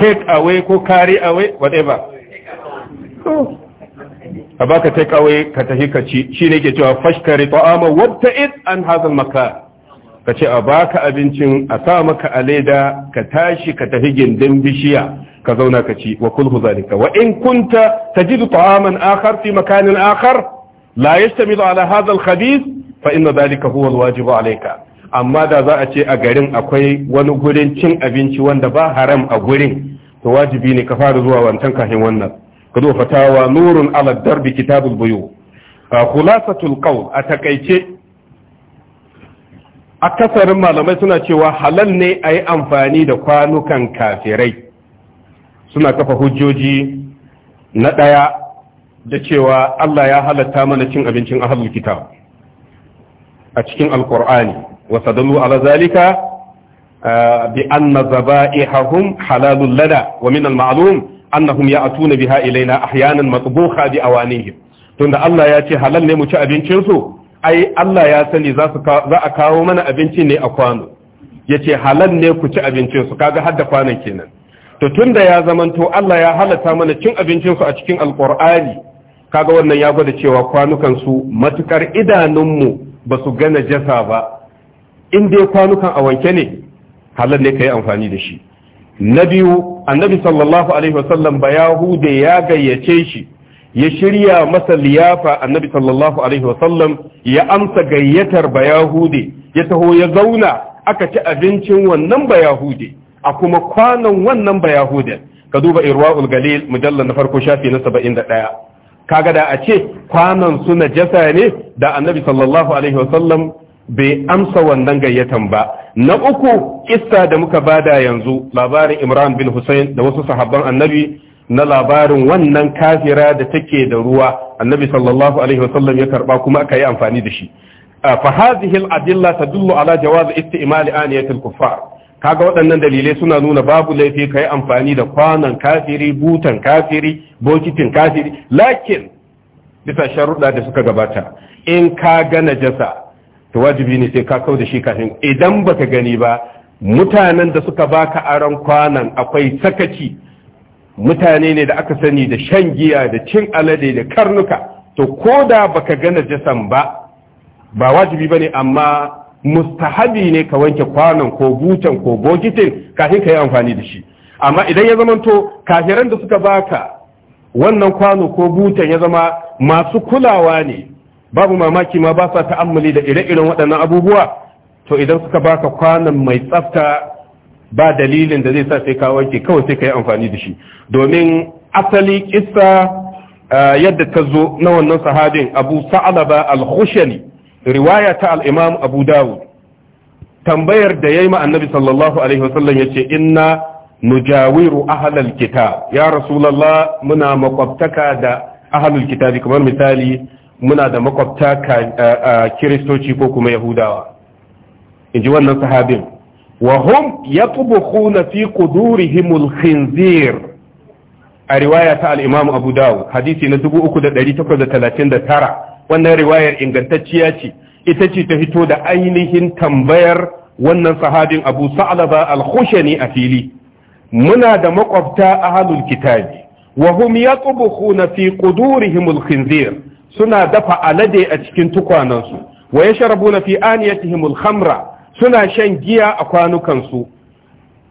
take away ko kari away whatever a baka take away ka tafi ka ci ne ke cewa fashtari ta'aman wabta'id an hazal maka. ka ce a baka abincin a sa maka a leda ka tashi ka tafi gindin bishiya ka zauna ka ci wa kulhu zalika wa in kunta tajidu ta'aman akhar fi makanin akhar la yastamidu ala hadha al-khabith fa inna zalika huwa al-wajibu alayka amma da za a ce a garin akwai wani gurin cin abinci wanda ba haram a gurin to wajibi ne ka fara zuwa wancan kafin wannan ka zo fatawa nurun ala darbi kitabul buyu khulasatul qawl a takaice akasarin malamai suna cewa halal ne a yi amfani da kwanukan kafirai suna kafa hujjoji na ɗaya da cewa Allah ya halatta mana cin abincin ahalul kitab a cikin alkur'ani wasa dalu ala zalika bi anna zaba'ihahum halalul lana wa min al-ma'lum annahum ya'tuna biha ilaina ahyanan matbuha bi awanihim tunda Allah ya ce halal ne mu ci abincin su ai Allah ya sani za a kawo mana abinci ne a kwano ya ce halal ne ku ci abincinsu kaga da kwanan kenan to tun da ya zamanto Allah ya halatta mana cin abincinsu a cikin alkur'ani kaga wannan ya gwada cewa su matukar idanunmu ba su gana jasa ba in dai kwanukan a wanke ne halal ne ka yi amfani da shi na biyu annabi sallallahu alaihi wasallam ba yahude ya gayyace shi ya shirya masa liyafa annabi sallallahu alaihi wasallam ya amsa gayyatar bayahudi ya taho ya zauna aka ci abincin wannan bayahudi a kuma kwanan wannan bayahudi ka duba irwaul galil mujallar na farko shafi na 71 kaga da a ce kwanan su najasa ne da annabi sallallahu alaihi wasallam bai amsa wannan gayyatan ba na uku kissa da muka bada yanzu labarin imran bin Hussein da wasu sahabban annabi na labarin wannan kafira da take da ruwa annabi sallallahu alaihi wasallam ya karba kuma aka yi amfani da shi fa hadhihi al-adilla tadullu ala jawaz isti'mal aniyat al-kuffar kaga waɗannan dalilai suna nuna babu laifi kai amfani da kwanan kafiri butan kafiri bokitin kafiri lakin bisa sharuɗa da suka gabata in ka ga najasa to wajibi ne sai ka kau da shi kafin idan baka gani ba mutanen da suka baka aron kwanan akwai sakaci mutane ne da aka sani da shan giya da cin alade da karnuka to ko da baka gana jasan ba ba wajibi ba ne amma mustahabi ne ka wanke kwanon ko butan ko bokitin kafin ka yi amfani da shi amma idan ya zama zamanto kafiran da suka baka wannan kwano ko butan ya zama masu kulawa ne babu mamaki ma ba sa ta'ammali da ire-iren waɗannan abubuwa to idan suka baka kwanon mai tsafta ba dalilin da zai sa sai ka wanke kawai sai ka yi amfani da shi domin asali kissa eh, yadda ta zo na wannan sahabin abu sa'alaba al-khushani riwaya ta al-imam abu dawud tambayar da yayi ma annabi sallallahu alaihi wasallam yace inna nujawiru ahlal kitab ya rasulullah muna makwabtaka da ahlul kitab kamar misali muna da makwabta eh, eh, kiristoci ko kuma yahudawa inji wannan sahabin wa hum yatbukhuna fi qudurihim al-khinzir a riwaya ta al Abu Dawud hadisi na 3839 wannan riwayar ingantacciya ce ita ce ta fito da ainihin tambayar wannan sahabin Abu Sa'laba al-Khushani a fili muna da makwabta ahlul kitabi wa hum yatbukhuna fi qudurihim al-khinzir suna dafa alade a cikin tukwanansu wa yashrabuna fi aniyatihim al-khamra suna shan giya a kwanukansu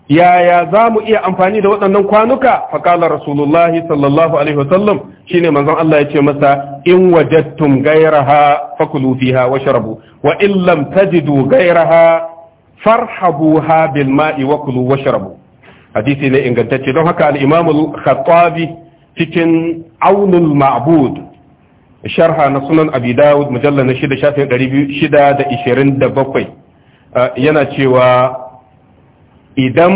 yaya za mu iya amfani da waɗannan kwanuka faƙalar rasulullahi sallallahu alaihi wasallam shine manzon Allah ya ce masa in wajadtum gairaha fakulu fiha washrabu wa in lam tajidu gairaha farhabuha bil ma'i wa kulu washrabu hadisi ne ingantacce don haka al-imam al-khattabi cikin aunul ma'bud sharha na sunan abi dawud mujallal na 6 shafin 627 yana cewa idan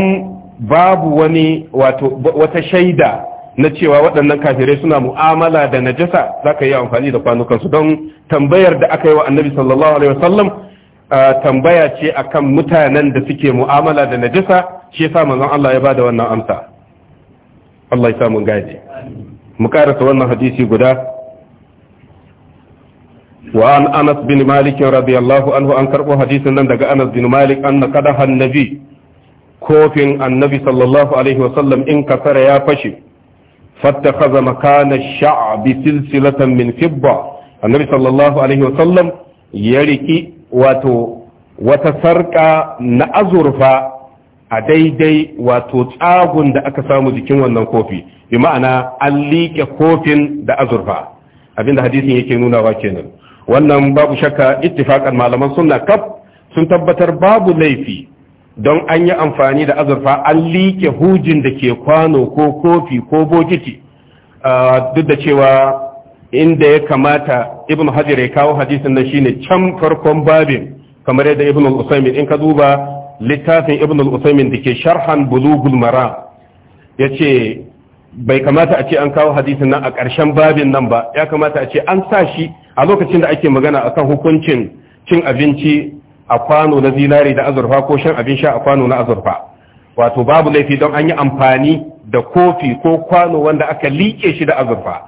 babu wani wato wata shaida na cewa waɗannan kafirai suna mu'amala da najasa za ka yi amfani da kwanukansu don tambayar da aka yi wa annabi sallallahu alaihi wasallam tambaya ce akan mutanen da suke mu'amala da najasa shi yasa manzon Allah ya bada wannan amsa Allah ya samu gaji mu karasa wannan hadisi guda وعن أنس بن مالك رضي الله عنه أنكر حديث لندق أنس بن مالك أن قدح النبي كوف النبي صلى الله عليه وسلم إن كسر يا فشي فاتخذ مكان الشعب سلسلة من فضة النبي صلى الله عليه وسلم يركي واتو وتسرقى نأزرفا a daidai wato tsagun da aka samu jikin wannan kofi bi ma'ana an liƙe kofin da azurfa abinda hadisin yake nunawa kenan wannan babu shakka ittifakan malaman sunna kaf sun tabbatar babu laifi don an yi amfani da azurfa an liƙe hujin da ke kwano ko kofi ko bokiti duk da cewa inda ya kamata ibn hajar ya kawo hadisin na shine can farkon babin kamar yadda ibn al in ka duba littafin ibn al da ke sharhan bulugul mara yace bai kamata a ce an kawo hadisin nan a ƙarshen babin nan ba ya kamata a ce an sa shi a lokacin da ake magana a kan hukuncin cin abinci a kwano na zinari da azurfa ko shan abin sha a kwano na azurfa wato babu laifi don an yi amfani da kofi ko kwano wanda aka liƙe shi da azurfa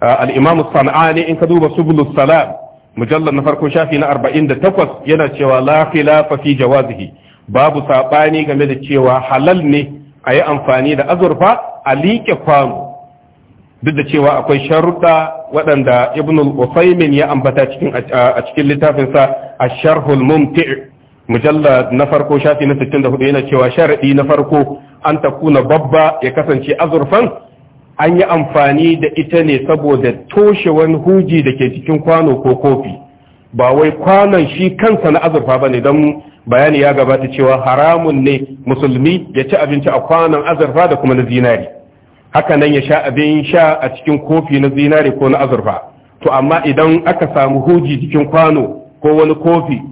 al'imamu sana'ani in ka duba subulu salam mujallar na farko shafi na arba'in da takwas yana cewa la lafafi fi jawazihi babu saɓani game da cewa halal ne a yi amfani da azurfa a liƙe kwano duk da cewa akwai sharuɗa waɗanda ibn al-usaymin ya ambata cikin a cikin littafinsa a sharhul mumti' mujalla na farko shafi na 64 yana cewa sharaɗi na farko an takuna babba ya kasance azurfan an yi amfani da ita ne saboda toshe wani huji da ke cikin kwano ko kofi ba wai kwanon shi kansa na azurfa ba ne don bayani ya gabata cewa haramun ne musulmi ya ci abinci a kwanan azurfa da kuma na zinari hakanan ya sha abin sha a cikin kofi na zinari ko na azurfa to amma idan aka samu huji cikin kwano ko wani kofi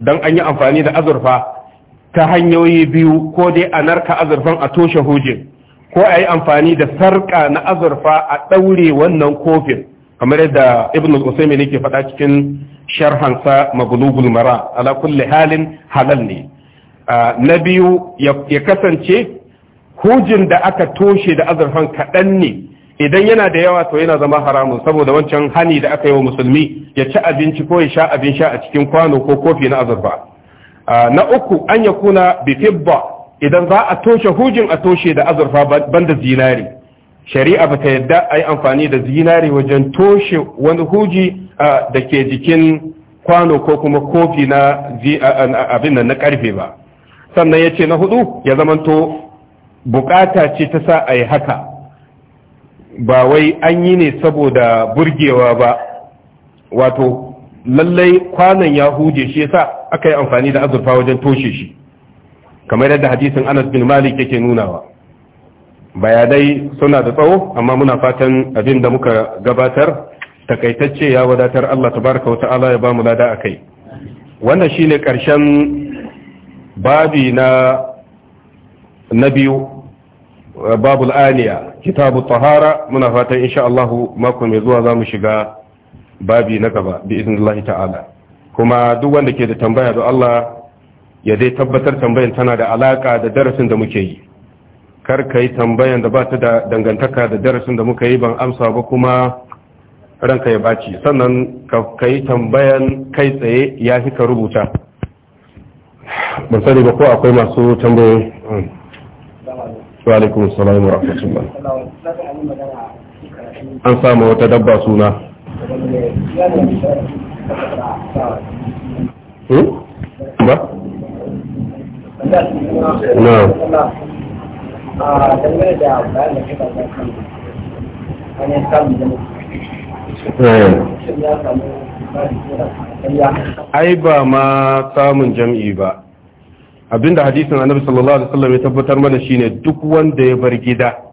don an yi amfani da azurfa ta hanyoyi biyu ko dai a narka azurfan a toshe hujin ko a yi amfani da sarka na azurfa a ɗaure wannan kofin kamar yadda ibn ne ke faɗa cikin sharhansa mabulugul mara ala kulli halin halal ne na biyu ya kasance hujin da aka toshe da azurfan kaɗan ne idan yana da yawa to yana zama haramun saboda wancan hani da aka yi wa musulmi ya ci abinci ko ya sha abin sha a cikin kwano ko kofi na azurfa na uku an ya kuna bifibba idan za a toshe hujin a toshe da azurfa banda zinari shari'a ba ta yadda a yi amfani da zinari wajen toshe wani huji da ke jikin kwano ko kuma kofi na abin nan na karfe ba sannan ya ce na hudu ya zamanto bukata ce ta sa a haka ba wai an yi ne saboda burgewa ba wato lallai kwanan ya huje shi yasa aka yi amfani da azurfa wajen toshe shi kamar yadda hadisin anas bin malik yake nunawa bayanai suna da tsawo amma muna fatan abin da muka gabatar takaitacce ya wadatar Allah tabaraka wa ta'ala ya bamu lada akai wannan shine karshen babi na na biyu uh, babul aniya kitabu tahara muna fatan insha Allah mako mai zuwa zamu shiga babi na gaba bi idnillahi ta'ala kuma duk wanda ke da tambaya da Allah ya dai tabbatar tambayan tana da alaka da darasin da muke yi kar kai tambayan da ba ta da dangantaka da darasin da muka yi ban amsa ba kuma ranka ya baci sannan ka yi tambayan kai tsaye ya fi ka rubuta ban sani ba ko akwai masu tambayoyi wa alaikum an samu wata dabba suna hmm? ba ah, Eh. ai ba ma samun jam'i ba abinda hadisin annabi sallallahu alaihi wasallam ya tabbatar mana shine duk wanda ya bar gida